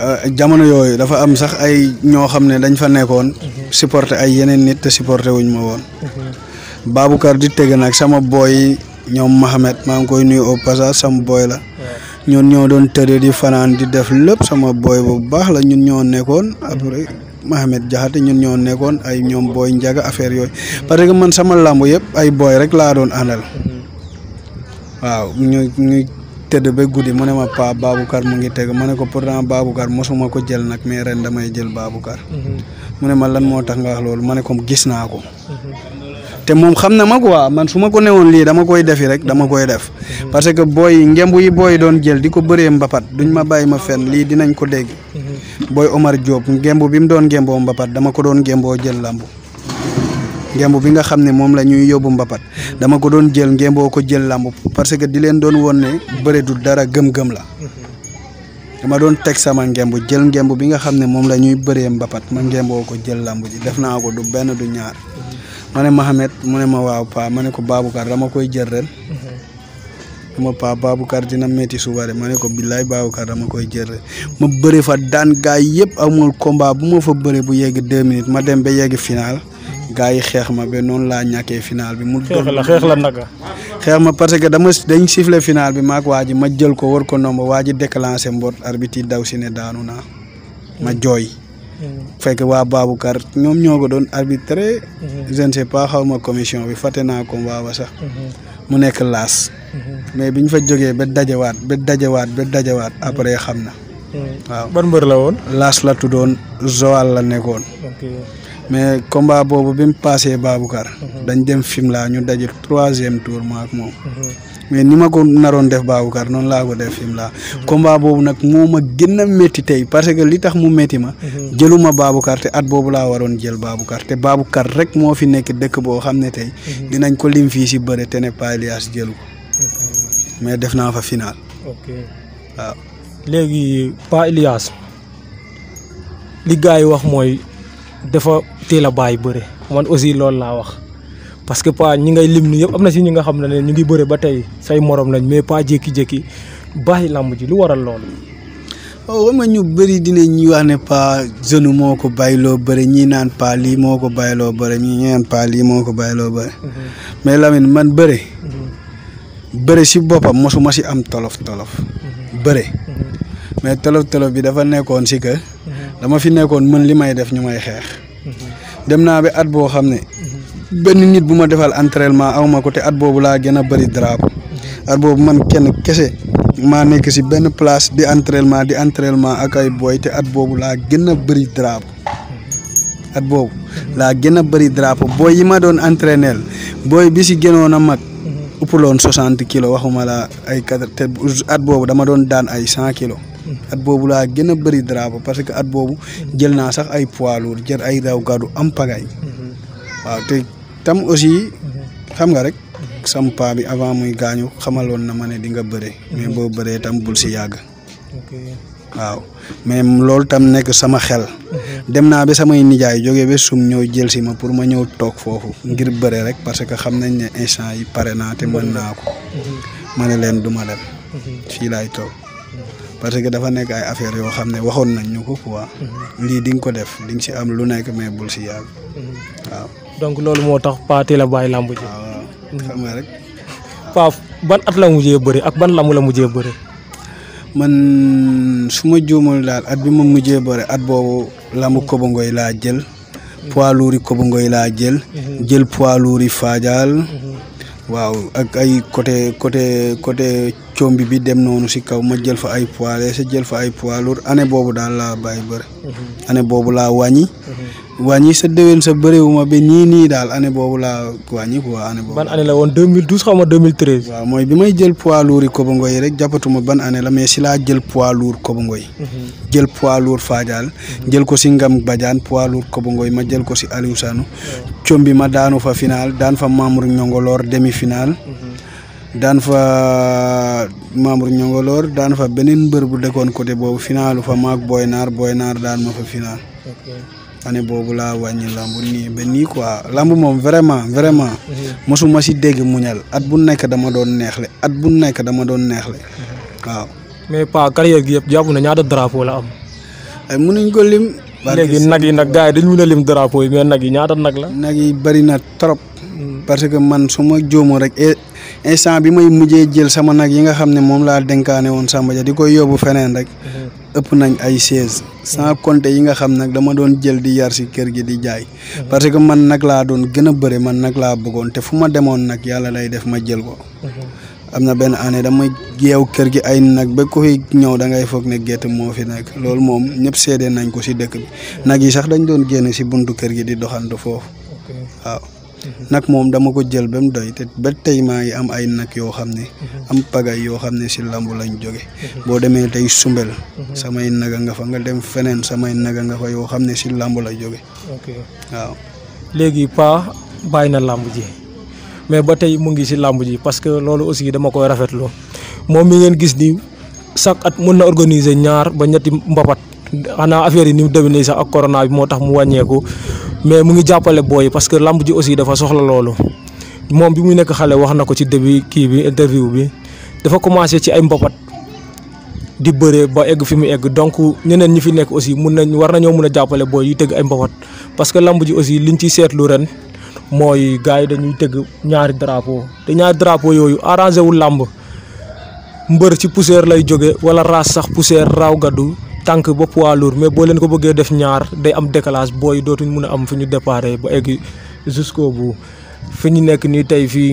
Euh, jamono yooyu dafa am sax ay ñoo xam ne dañ fa nekkoon. supporter ay yeneen nit te supporter wuñ ma woon. Baboucar di teg nag sama booy ñoom Mohamed maa ngi koy nuyu au passage sama booy la. ñun ñoo doon tëddee di fanaan di def lépp sama booy bu baax la ñun ñoo nekkoon après Mohamed Diakhaté ñun ñoo nekkoon ay ñoom booy njaga affaire yooyu. parce que man sama làmb yëpp ay booy rek laa doon àndal. waaw tëdd ba guddi mu ne ma pa Baboucar mu ngi teg ma ne ko pourtant Baboucar mosuma ko jël nag mais ren damay jël Baboucar mhm. mu ne ma lan moo tax nga loolu ma ne ko gis naa ko mhm. te moom xam na ma ko waa man su ma ko newoon lii dama koy defi rek dama koy def mhm. parce que booy ngemb yi booy doon jël di ko bëree mbapat duñ ma bàyyi ma fen lii dinañ ko dégg booy Omar Diop ngemb bi mu doon ngemboo mbapat dama ko doon ngemboo jël lambu ngembu bi nga xamne mom la ñuy yobbu mbapat dama ko doon jël ngembu ko jël lamb parce que di len doon wonne ne du dara gem gem la dama doon tek sama ngembu jël ngembu bi nga xamne mom la ñuy beure mbapat ma ngembu ko jël lamb ji def ko du ben du ñaar mané mohammed mané ma waaw pa mané ko babukar dama koy jël ren ma pa babukar dina metti suba de ko billahi babukar dama koy jël ma beure fa daan gaay yépp amul combat bu ma fa beure bu yegg 2 minutes ma dem ba yegg final gars yi xeex ma ba noonu laa ñàkkee final bi. mu xeex la xeex la naka. xeex ma parce que dama dañ sifflé final bi maak waa ma jël ko war ko nomba waa ji déclenché mboot arbitre yi daw si ne daanu naa ma jooy. Mm-hmm. fekk waa Babacar ñoom ñoo ko doon arbitré. Mm-hmm. je ne sais pas xaw commission bi fate naa ko waa ba sax. Mm-hmm. mu nekk laas. mais bi ñu fa jógee ba dajawaat ba dajawaat ba dajawaat après xam na. waaw ban mbër la woon. laas la tuddoon Joal la nekkoon. mais combat boobu bi mu paasee Baboucar. dañ dem Fimela ñu daje troisième tour ma ak moom. mais ni ma ko naroon def Baboucar noonu laa ko def Fimela. combat boobu nag moom ma gën a métti tey parce que li tax mu métti ma. jëluma Baboucar te at boobu laa waroon jël Baboucar te Baboucar rek moo fi nekk dëkk boo xam ne tey. dinañ ko lim fii si bëre te ne Pa Elias jëlu mais def naa fa final. ok waaw. léegi Pa Elias li gars yi wax mooy. dafa teel a bàyyi bëre man aussi loolu laa wax parce que pas ñi ngay lim ni yëpp am na si ñi nga xam ne ne ñu ngi bëre ba tey say morom lañ mais pas jékki-jékki bàyyi làmb ji lu waral loolu. Oh, xam ma ñu bëri dinañ wax ne pas jeune moo ko bàyyiloo bëre ñii naan pas lii moo ko bàyyiloo bëre ñii naan pas lii moo ko bàyyiloo bëre. Mhm. mais Lamine man bëre. Mhm. bëre si boppam mosuma si am tolof tolof. Mhm. bëre mais tolof tolof bi dafa nekkoon si que. dama fi nekkoon mën li may def ñu may xeex. dem naa bi at boo xam ne. benn nit bu ma defal entraînement aw ma ko te at boobu laa gën a bëri drapeau. at boobu man kenn kese. maa nekk si benn place di entraînement di entraînement ak ay booy te at boobu laa gën a bëri drapeau. at boobu laa gën a bëri drapeau booy yi ma doon entraîner booy bi si gënoon a mag. ëpp loon soixante kilos waxuma laa ay quatre at boobu dama doon daan ay cent kilos. at boobu laa gën a bëri drapeau parce que at boobu jël naa sax ay poids lourds jël ay daw gàddu am pagaay waaw te tam aussi xam nga rek sam bi avant muy gaañu xamaloon na ma ne dinga bëre mais boo bëree tam bul si yàgg waaw mais loolu tam nekk sama xel dem naa ba samay nijaay jógee ba sum ñëw jël si ma pour ma ñëw toog foofu ngir bëre rek parce que xam nañ ne instant yi pare naa te mën naa ko mhm. ma ne leen du ma dem mhm. fii laay toog parce que dafa nekk ay affaire yoo xam ne waxoon nañ ñu ko quoi. Mhm. lii di nga ko def di nga si am lu nekk mais bul si yàgg. Mhm. waaw donc loolu moo tax Paa teel a bàyyi làmb ji. Ah, waaw mhm. xam nga rek. Paa ban at la mujjee bëri ak ban lamu la mujjee bëri. man su ma mujjee bëri at boobu lambu Kobongoy laa jël. poids lourd yi Kobongoy laa jël. jël poids lourd yi Fadial. waaw ay côté côté combi bi dem noonu si kaw ma jël fa ay poids léger jël fa ay poids lourd année boobu daal laa bàyyi bëri. Mhm. année boobu laa wàññi. Mhm. wàññi sa déwén sa bëriwuma ba nii nii daal année boobu laa wàññi quoi année boobu. ban année la woon 2012 xaw ma 2013. waaw mooy bi may jël poids lourd yi Kobango yi rek jàppatuma ban année la mais si laa jël poids lourd Kobango yi. Mhm. jël poids lourd Fadial. jël ko si Ngam Badiane poids lourd Kobango yi ma jël ko si Aliou Sanou. combi ma daanu fa final daan fa Mamour Ñongoloor demi final. daan fa membre ñongoloor daan fa beneen mbër bu dëkkoon côté boobu finaalu fa maag Boy Naar Boy Naar daan ma fa final. année boobu laa wàññi lamb nii ba nii quoi lamb moom vraiment vraiment. Mhm. mosuma si dégg muñal at bu nekk dama doon neexle at bu nekk dama doon neexle mhm. waaw. mais pas carrière gi yëpp na ñaata drapeau la am. ay mënuñ ko léegi nag yi nag gars yi dañu mën lim drapeau yi mais nag yi ñaata nag la. nag yi bëri na trop. Mhm. parce que man su ma jóomoo rek eh, instant bi may mujjé jël sama nak yi nga xamné ne moom laa won woon Samba Dia di koy yóbbu rek mhm. ëpp nañ ay chaise sans compter yi nga xam nag dama doon jël di yar si kër gi di jaay mhm. parce que man nag la doon gëna bëré man nag la bëggoon té fuma démon nak nag lay def ma jël ko mhm. amna ben ané dama yeew kër gi ay nag ba ku fi ñëw da ngay fokk ne gerte mo fi nak lool moom ñëpp seede nañ ko si dëkk bi nak yi sax dañ doon génn si buntu kër gi di doxandu fofu waaw nag moom dama ko jël ba mu doy te tey maa ngi am ay nag yoo xam ne am pagay yoo xam ne si lamb lañ jóge boo demee tey sumbel samay naga nga fa nga dem feneen samay naga nga fa yoo xam ne si lamb la jóge waaw léegi pa bàyyi na làmb ji mais ba tey mu ngi si làmb ji parce que loolu aussi dama koy rafetlu moom mi ngeen gis ni chaque at mun na organiser ñaar ba ñetti mbapat xanaa affaire yi ni mu demee nii sax ak corona bi moo tax mu wàññeeku mais mu ngi jàppale booy parce que lamb ji aussi dafa soxla loolu moom bi muy nekk xale wax na ko ci début kii bi interview bi dafa commencé ci ay mbapat di bëre ba egg fi mu egg donc ñeneen ñi fi nekk aussi mun nañ war nañoo mun a jàppale booy yu tëgg ay mbapat parce que lamb ji aussi liñ ci seetlu ren mooy gars yi dañuy tëgg ñaari drapeau te ñaari drapeau yooyu arrangé wu làmb mbër ci poussière lay jóge wala raas sax poussière raaw gaddu tànk ba poids lourd mais boo leen ko bëggee def ñaar day am décalage booy dootuñ mun a am fi ñu déparé ba egg jusqu'au bu fi ñu nekk nii tey fii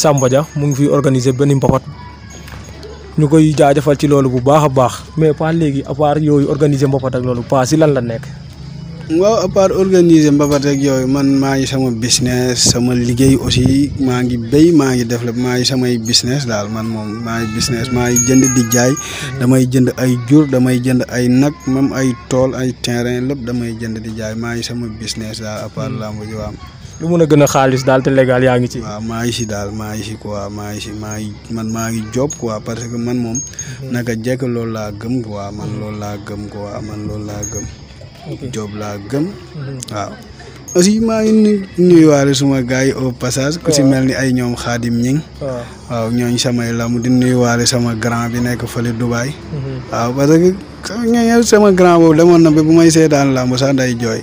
Samba ja mu ngi fi organiser benn mbapat ñu koy jaajëfal ci loolu bu baax a baax mais pas léegi à part yooyu organiser mbapat ak loolu pas si lan la nekk. waaw à part organiser mbapat rek yooyu man maa ngi sama business sama liggéey aussi maa ngi béy maa ngi def lépp maa ngi samay business daal man moom maa ngi business maa ngi jënd di jaay damay jënd ay jur damay jënd ay nag même ay tool ay terrain lépp damay jënd di jaay maa ngi sama business daal à part hmm. làmb ji lu mun a gën a xaalis daal te légal yaa ngi ci. maa ngi si daal maa ngi si quoi maa ngi si maa ngi man maa ngi job quoi parce que man moom. Hmm. naka jekk loolu laa gëm quoi man loolu laa gëm quoi man loolu laa gëm. Diop laa gëm. waaw aussi maa ngi nuyuwaale suma gars yi au passage. ku si mel ni ay ñoom xaadim ñing waaw ñooñ samay lam di nuyuwaale sama grand bi nekk fële Dubaay. Mhm. waaw parce que ñooñu sama grand boobu demoon na ba bu may seetaan lamb sax day jooy.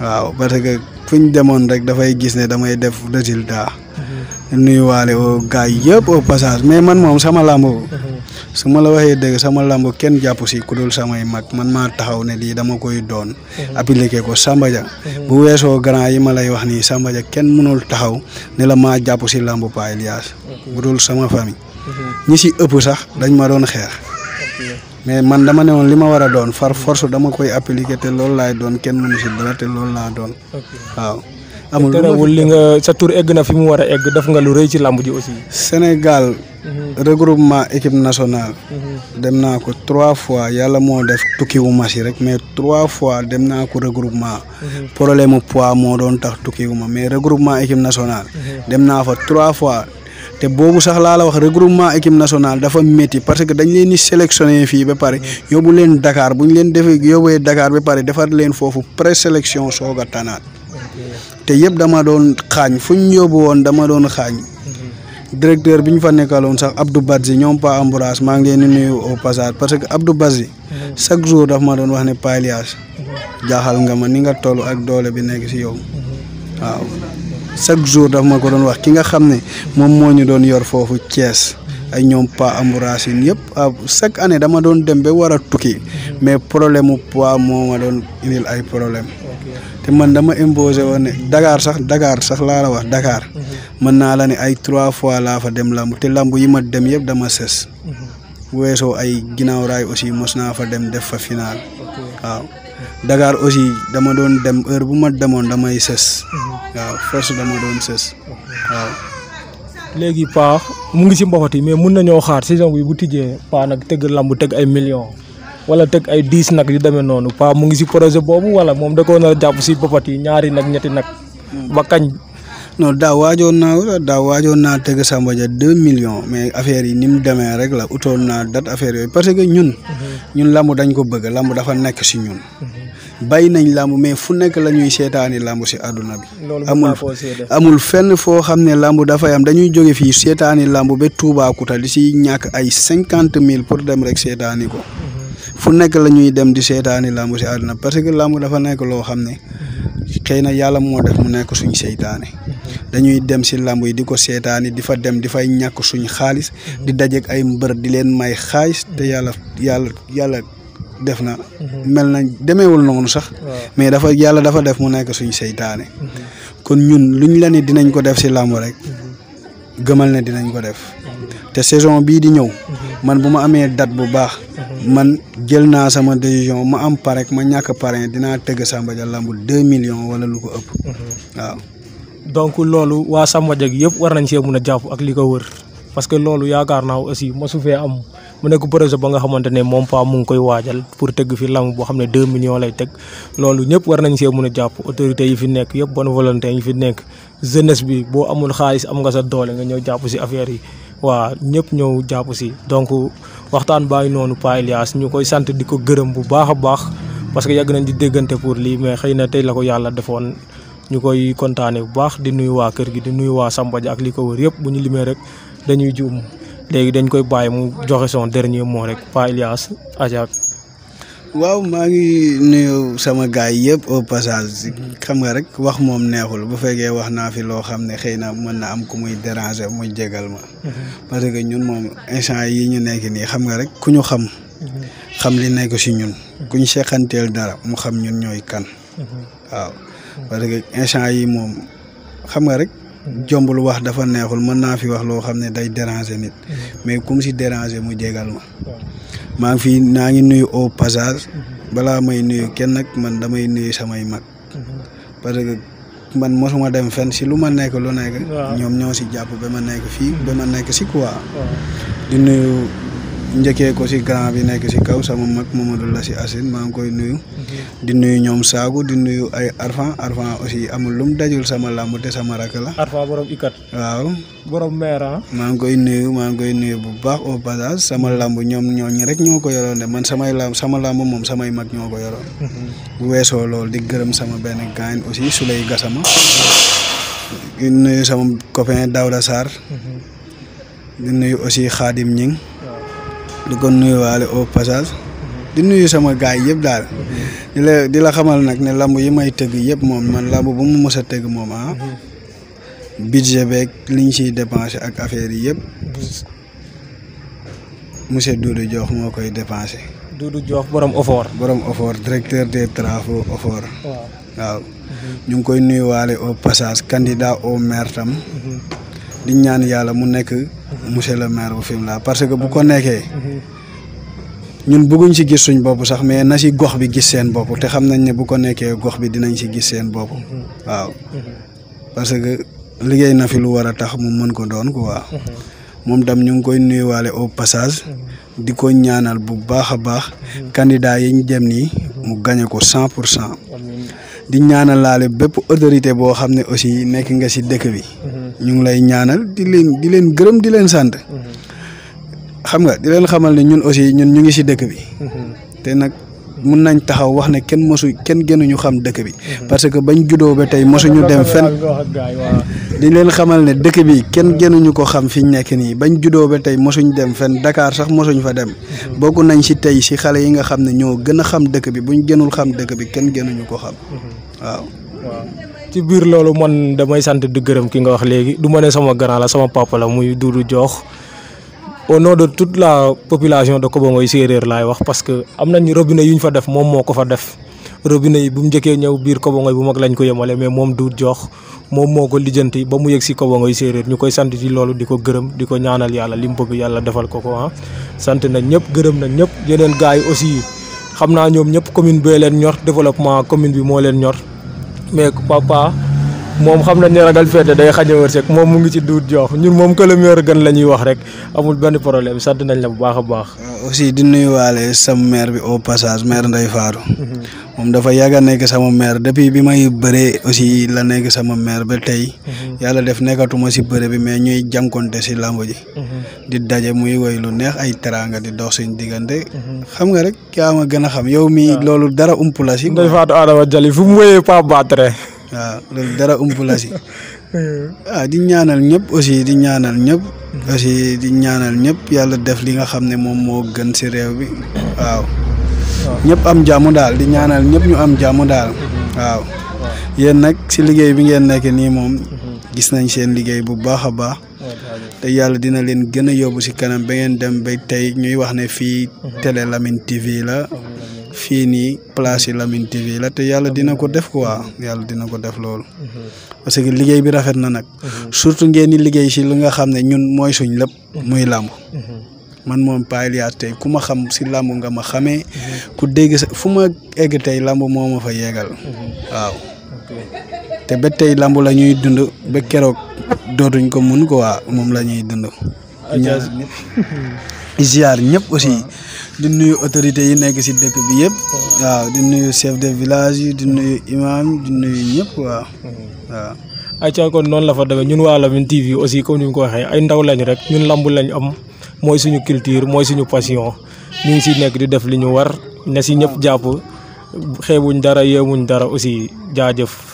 waaw parce que fu ñu demoon rek dafay gis ne damay def résultat. Mhm. nuyuwaale au gars yëpp au passage mais man moom sama lamb. Mhm. su ma la waxee dëgg sama làmb kenn jàpp si ku dul samay mag man maa taxaw ne lii dama koy doon. Mhm. appliqué ko Samba Dia mhm. bu weesoo grand yi ma lay wax nii Samba Dia kenn mënul taxaw ne la maa jàpp si làmb Pa Elias. bu dul sama famille. Mhm. ñi si ëpp sax dañ ma doon xeex. mais man dama ne woon li ma war a doon far force dama koy appliqué te loolu laay doon kenn mënu si dara te loolu laa doon. waaw. amul li nga sa tur egg na fi mu war a egg def nga lu rëy ci làmb ji aussi. se Mhm. regroupement équipe nationale. Mhm. dem naa ko trois fois yàlla moo def tukkiwu ma si rek mais trois fois dem naa ko regroupement. Mhm. problème mu poids moo doon tax tukkiwu ma mais regroupement équipe nationale. dem naa fa trois fois. te boobu sax laa la wax regroupement équipe nationale dafa métti parce que dañ leen di sélectionné fii ba pare yóbbu leen Dakar buñ leen defee yóbbee dakaar ba pare defar leen foofu présélection soog a tànnaat te yëpp dama doon xaañ fu ñu yóbbu woon dama doon xaañ. directeur bi ñu fa nekkaloon sax Abdou Badji ñoom Pa Ambourage maa ngi leen di nuyu au passage parce que Abdou Badji mhm. chaque jour daf ma doon wax ne paliage Elias mhm. jaaxal nga ma ni nga toll ak doole bi nekk si yow mhm. waaw chaque jour daf ma ko doon wax ki nga xam ne moom moo ñu doon yor foofu Thiès ay ñoom Pa Ambourage yi yëpp chaque année dama doon dem ba war a tukki mais problème mu poids moo ma doon indil ay problème té man dama imposé woné Dakar sax Dakar sax la la wax Dakar man mhm. na la ne ay 3 fois la fa dem lamb té lamb yi ma dem yëpp dama sess mhm. wéso ay ginaaw ray aussi mosna fa dem def fa final waaw Dakar aussi dama don dem heure bu ma ses mhm. waaw force dama don ses waaw légui pa mu ngi ci mbokati mais mën nañu xaar saison bi bu pa nak lamb ay millions wala tek ay 10 nak yu demé noonu pa mu ngi si projet bobu wala mom da ko na japp ci si ñaari nak ñetti nak, ba kañ non da wajon na da wajon na tege Samba Dia 2 millions mais affaire yi nim demé rek la utoon na date affaire yoy parce que ñun ñun lamb dañ ko bëgg lamb dafa nekk si ñun bay nañ lamb mais fu nekk lañuy sétani lamb ci aduna bi amul amul fenn fo xamné lamb dafa am dañuy joggé fi sétani lamb touba Toubacouta li si ñak ay 50.000 pour dem rek sétani ko fu nekk la ñuy dem di seetaani làmb si àdduna parce que làmb dafa nekk loo xam ne xëy na yàlla moo def mu nekk suñ seytaane dañuy dem si làmb yi di ko seetaani di fa dem di fay ñàkk suñ xaalis di dajeek ay mbër di leen may xaalis te yàlla yàlla yàlla def na mel na demeewul noonu sax mais dafa yàlla dafa def mu nekk suñ seytaane kon ñun luñ la ne dinañ ko def si làmb rek gëmal ne dinañ ko def te saison bii di ñëw man bu ma amee date bu baax man jël naa sama décision ma am pare ma ñàkk parrain dinaa tëgg Samba Dia lambul deux millions wala lu ko ëpp. Mhm. waaw. donc loolu waa Samba Dia gi yëpp war nañ see mun a jàpp ak li ko wër parce que loolu yaakaar naa aussi ma su mu nekk projet ba nga xamante ne moom pa mu ngi koy pour tëgg fi lamb boo xam ne deux millions lay tëgg loolu ñëpp war nañ see mun a jàpp autorités yi fi nekk yëpp bon volonté yi fi nekk jeunesse bi boo amul xaalis am nga sa doole nga ñëw jàpp si affaire yi. waa ñëpp ñëw jàpp si donc waxtaan baa ngi noonu Pa Elias ñu koy sant di ko gërëm bu baax a baax parce que yàgg nañ di déggante pour lii mais xëy na tey la ko yàlla defoon ñu koy kontaane bu baax di nuyu waa kër gi di nuyu waa Samba Dia ak li ko wër yëpp bu ñu limee rek dañuy juum léegi dañ koy bàyyi mu joxe soon dernier mot rek Pa Elias Adiak waaw maa ngi nuyu sama gaay yëpp au passage xam nga rek wax moom neexul bu fekkee wax naa fi loo xam ne xëy na mën na am ku muy déranger mu jégal ma. parce que ñun moom instant yi ñu nekk nii xam nga rek ku ñu xam. xam li nekk si ñun. ku ñu seqanteel dara mu xam ñun ñooy kan. waaw parce que instant yi moom xam nga rek. jombul wax dafa neexul mën naa fi wax loo xam ne day déranger nit mm-hmm. mais comme si déranger mu jégal ma maa ngi fi naa ngi nuyu au passage mm-hmm. balaa may nuyu kenn nag man damay nuyu samay mag mm-hmm. parce que man mosuma dem fen si lu ma nekk lu nekk ñoom ñoo si jàpp ba ma nekk fii ba ma nekk si quoi di nuyu njëkkee ko si grand bi nekk ci kaw sama mag la Lassi Assane maa ngi koy nuyu. Mhm. di nuyu ñoom saagu di nuyu ay Arfan Arfan aussi amul lum dajul sama làmb te sama rakk la. Arfan borom ikat. waaw ah. maa ngi koy nuyu maa ngi koy nuyu bu baax au passage sama làmb ñoom ñooñu rek ñoo ko yoroon de man samay làmb sama làmb moom samay mag ñoo ko yoroon. bu mhm. weesoo loolu di gërëm sama benn gaañ aussi Souley Gassama. di nuyu sama copin Daouda Sarr. Mhm. di nuyu aussi Khadim Ñing di ko nuyuwaale au passage di nuyu sama gaay yëpp daal di la xamal nag ne lamb yi may tëgg yëpp moom man lamb bu mu mës a tëgg moom ah budget beeg li ñu ciy ak affaire yi yëpp monsieur Doudou Diokh moo koy dépensé. Doudou Diokh borom Ofor. borom Ofor directeur des travaux Ofor. waaw mhm. ñu ngi koy nuyuwaale au passage candidat au maire tam. Mhm. di ñaan yàlla mu nekk monsieur le maire bu Fimela parce que bu ko nekkee ñun bëgguñ ci gis suñ bopp sax mais na si gox bi gis seen bopp te xam nañ ne bu ko nekkee gox bi dinañ ci gis seen bopp waaw parce que liggéey na fi lu war a tax mu mën ko doon ko waaw moom tam ñu ngi koy nuyuwaale au passage di ko ñaanal bu baax a baax candidat yi ñu jëm nii mu gañe ko cent pour cent di ñaanalaale bépp autorité boo xam ne aussi nekk nga si dëkk bi. Mhm. ñu ngi lay ñaanal di leen di leen gërëm di leen sant. Mhm. xam nga di leen xamal ne ñun aussi ñun ñu ngi si dëkk bi. Mhm. te nag mun nañ taxaw wax ne kenn mosu kenn ñu xam dëkk bi. parce que bañ juddoo ba tey mosuñu dem fenn. di leen xamal ne dëkk bi kenn gënuñu ko xam fi ñu nekk nii bañ juddoo ba tey mosuñ dem fenn Dakar sax mosuñ fa dem bokk nañ si tey si xale yi nga xam ne ñoo gën a xam dëkk bi buñ gënul xam dëkk bi kenn gënuñu ko xam waaw. ci biir loolu man damay sant di gërëm ki nga wax léegi du ma ne sama grand la sama papa la muy Doudou jox au nom de toute la population de Kobangoy séeréer laay wax parce que am nañu robine yu ñu fa def moom moo ko fa def. robinet yi bu mu njëkkee ñëw biir Kobongoy bu mag lañ ko yemale mais moom du jox moom moo ko lijjanti ba mu yëg si Kobongoy séeréer ñu koy sant ci loolu di ko gërëm di ko ñaanal yàlla li mu bëgg yàlla defal ko ko ah sant nañ ñëpp gërëm nañ ñëpp yeneen gars yi aussi xam naa ñoom ñëpp commune bee leen ñor développement commune bi moo leen ñor mais papa moom xam nañ ne ragal féete day xañ a wërsëg moom mu ngi ci duut joox ñun moom que le gën la wax rek amul benn problème sant nañ la bu baax a baax. Euh, aussi di nuyuwaale sama maire bi au passage maire Ndeye Fatou. Mhm. moom dafa yàgg a nekk sama maire depuis bi may bëree la nekk sama maire ba tey. Mhm. yàlla def nekkatuma si bëre bi mais ñuy jànkonte si lamb ji. Mhm. di daje muy woy lu neex ay teraanga di dox suñ diggante. xam nga rek yaa ma gën a xam yow mi loolu dara ump la si. Ndeye Fatou Adama Jali fu mu wéyee waaw dara ump la si ah, di ñaanal ñëpp aussi di ñaanal ñëpp aussi di ñaanal ñëpp yàlla def li nga xam ne moom moo gën si réew bi waaw ñëpp am jàmm daal di ñaanal ñëpp ñu am jàmm daal waaw yéen nag si liggéey bi ngeen nekk nii moom mhm. gis nañ seen liggéey bu baax a baax te yàlla dina leen gën a yóbbu si kanam ba ngeen dem ba tey ñuy wax ne fii mhm. télé Lamyn TV la mhm. fii nii place yi Lamyn TV la te yàlla dina ko def ko quoi yàlla dina ko def loolu. Mhm. parce que liggéey bi rafet na nag. Mhm. surtout ngeen di liggéey si lu nga xam ne ñun mooy suñ lépp. Mhm. muy làmb. man moom Pa Elias tey ku ma xam si làmb nga ma xamee. ku dégg sa fu ma egg tey làmb moo ma fa yeegal. waaw te ba tey làmb la ñuy dund ba keroog dootuñ ko mun quoi moom la ñuy dund. ziar ñëpp aussi di nuyu autorités yi nekk si dëkk bi yëpp. waaw di nuyu chef de village yi di nuyu imam di nuyu ñëpp waaw. waaw. ayca kon noonu la fa demee ñun waa Lamyn TV aussi comme ni mu ko waxee ay ndaw lañ rek ñun lamb lañ am mooy suñu culture mooy suñu passion ñu ngi si nekk di def li ñu war na si ñëpp jàpp xeebuñ dara yéemuñ dara aussi jaajëf.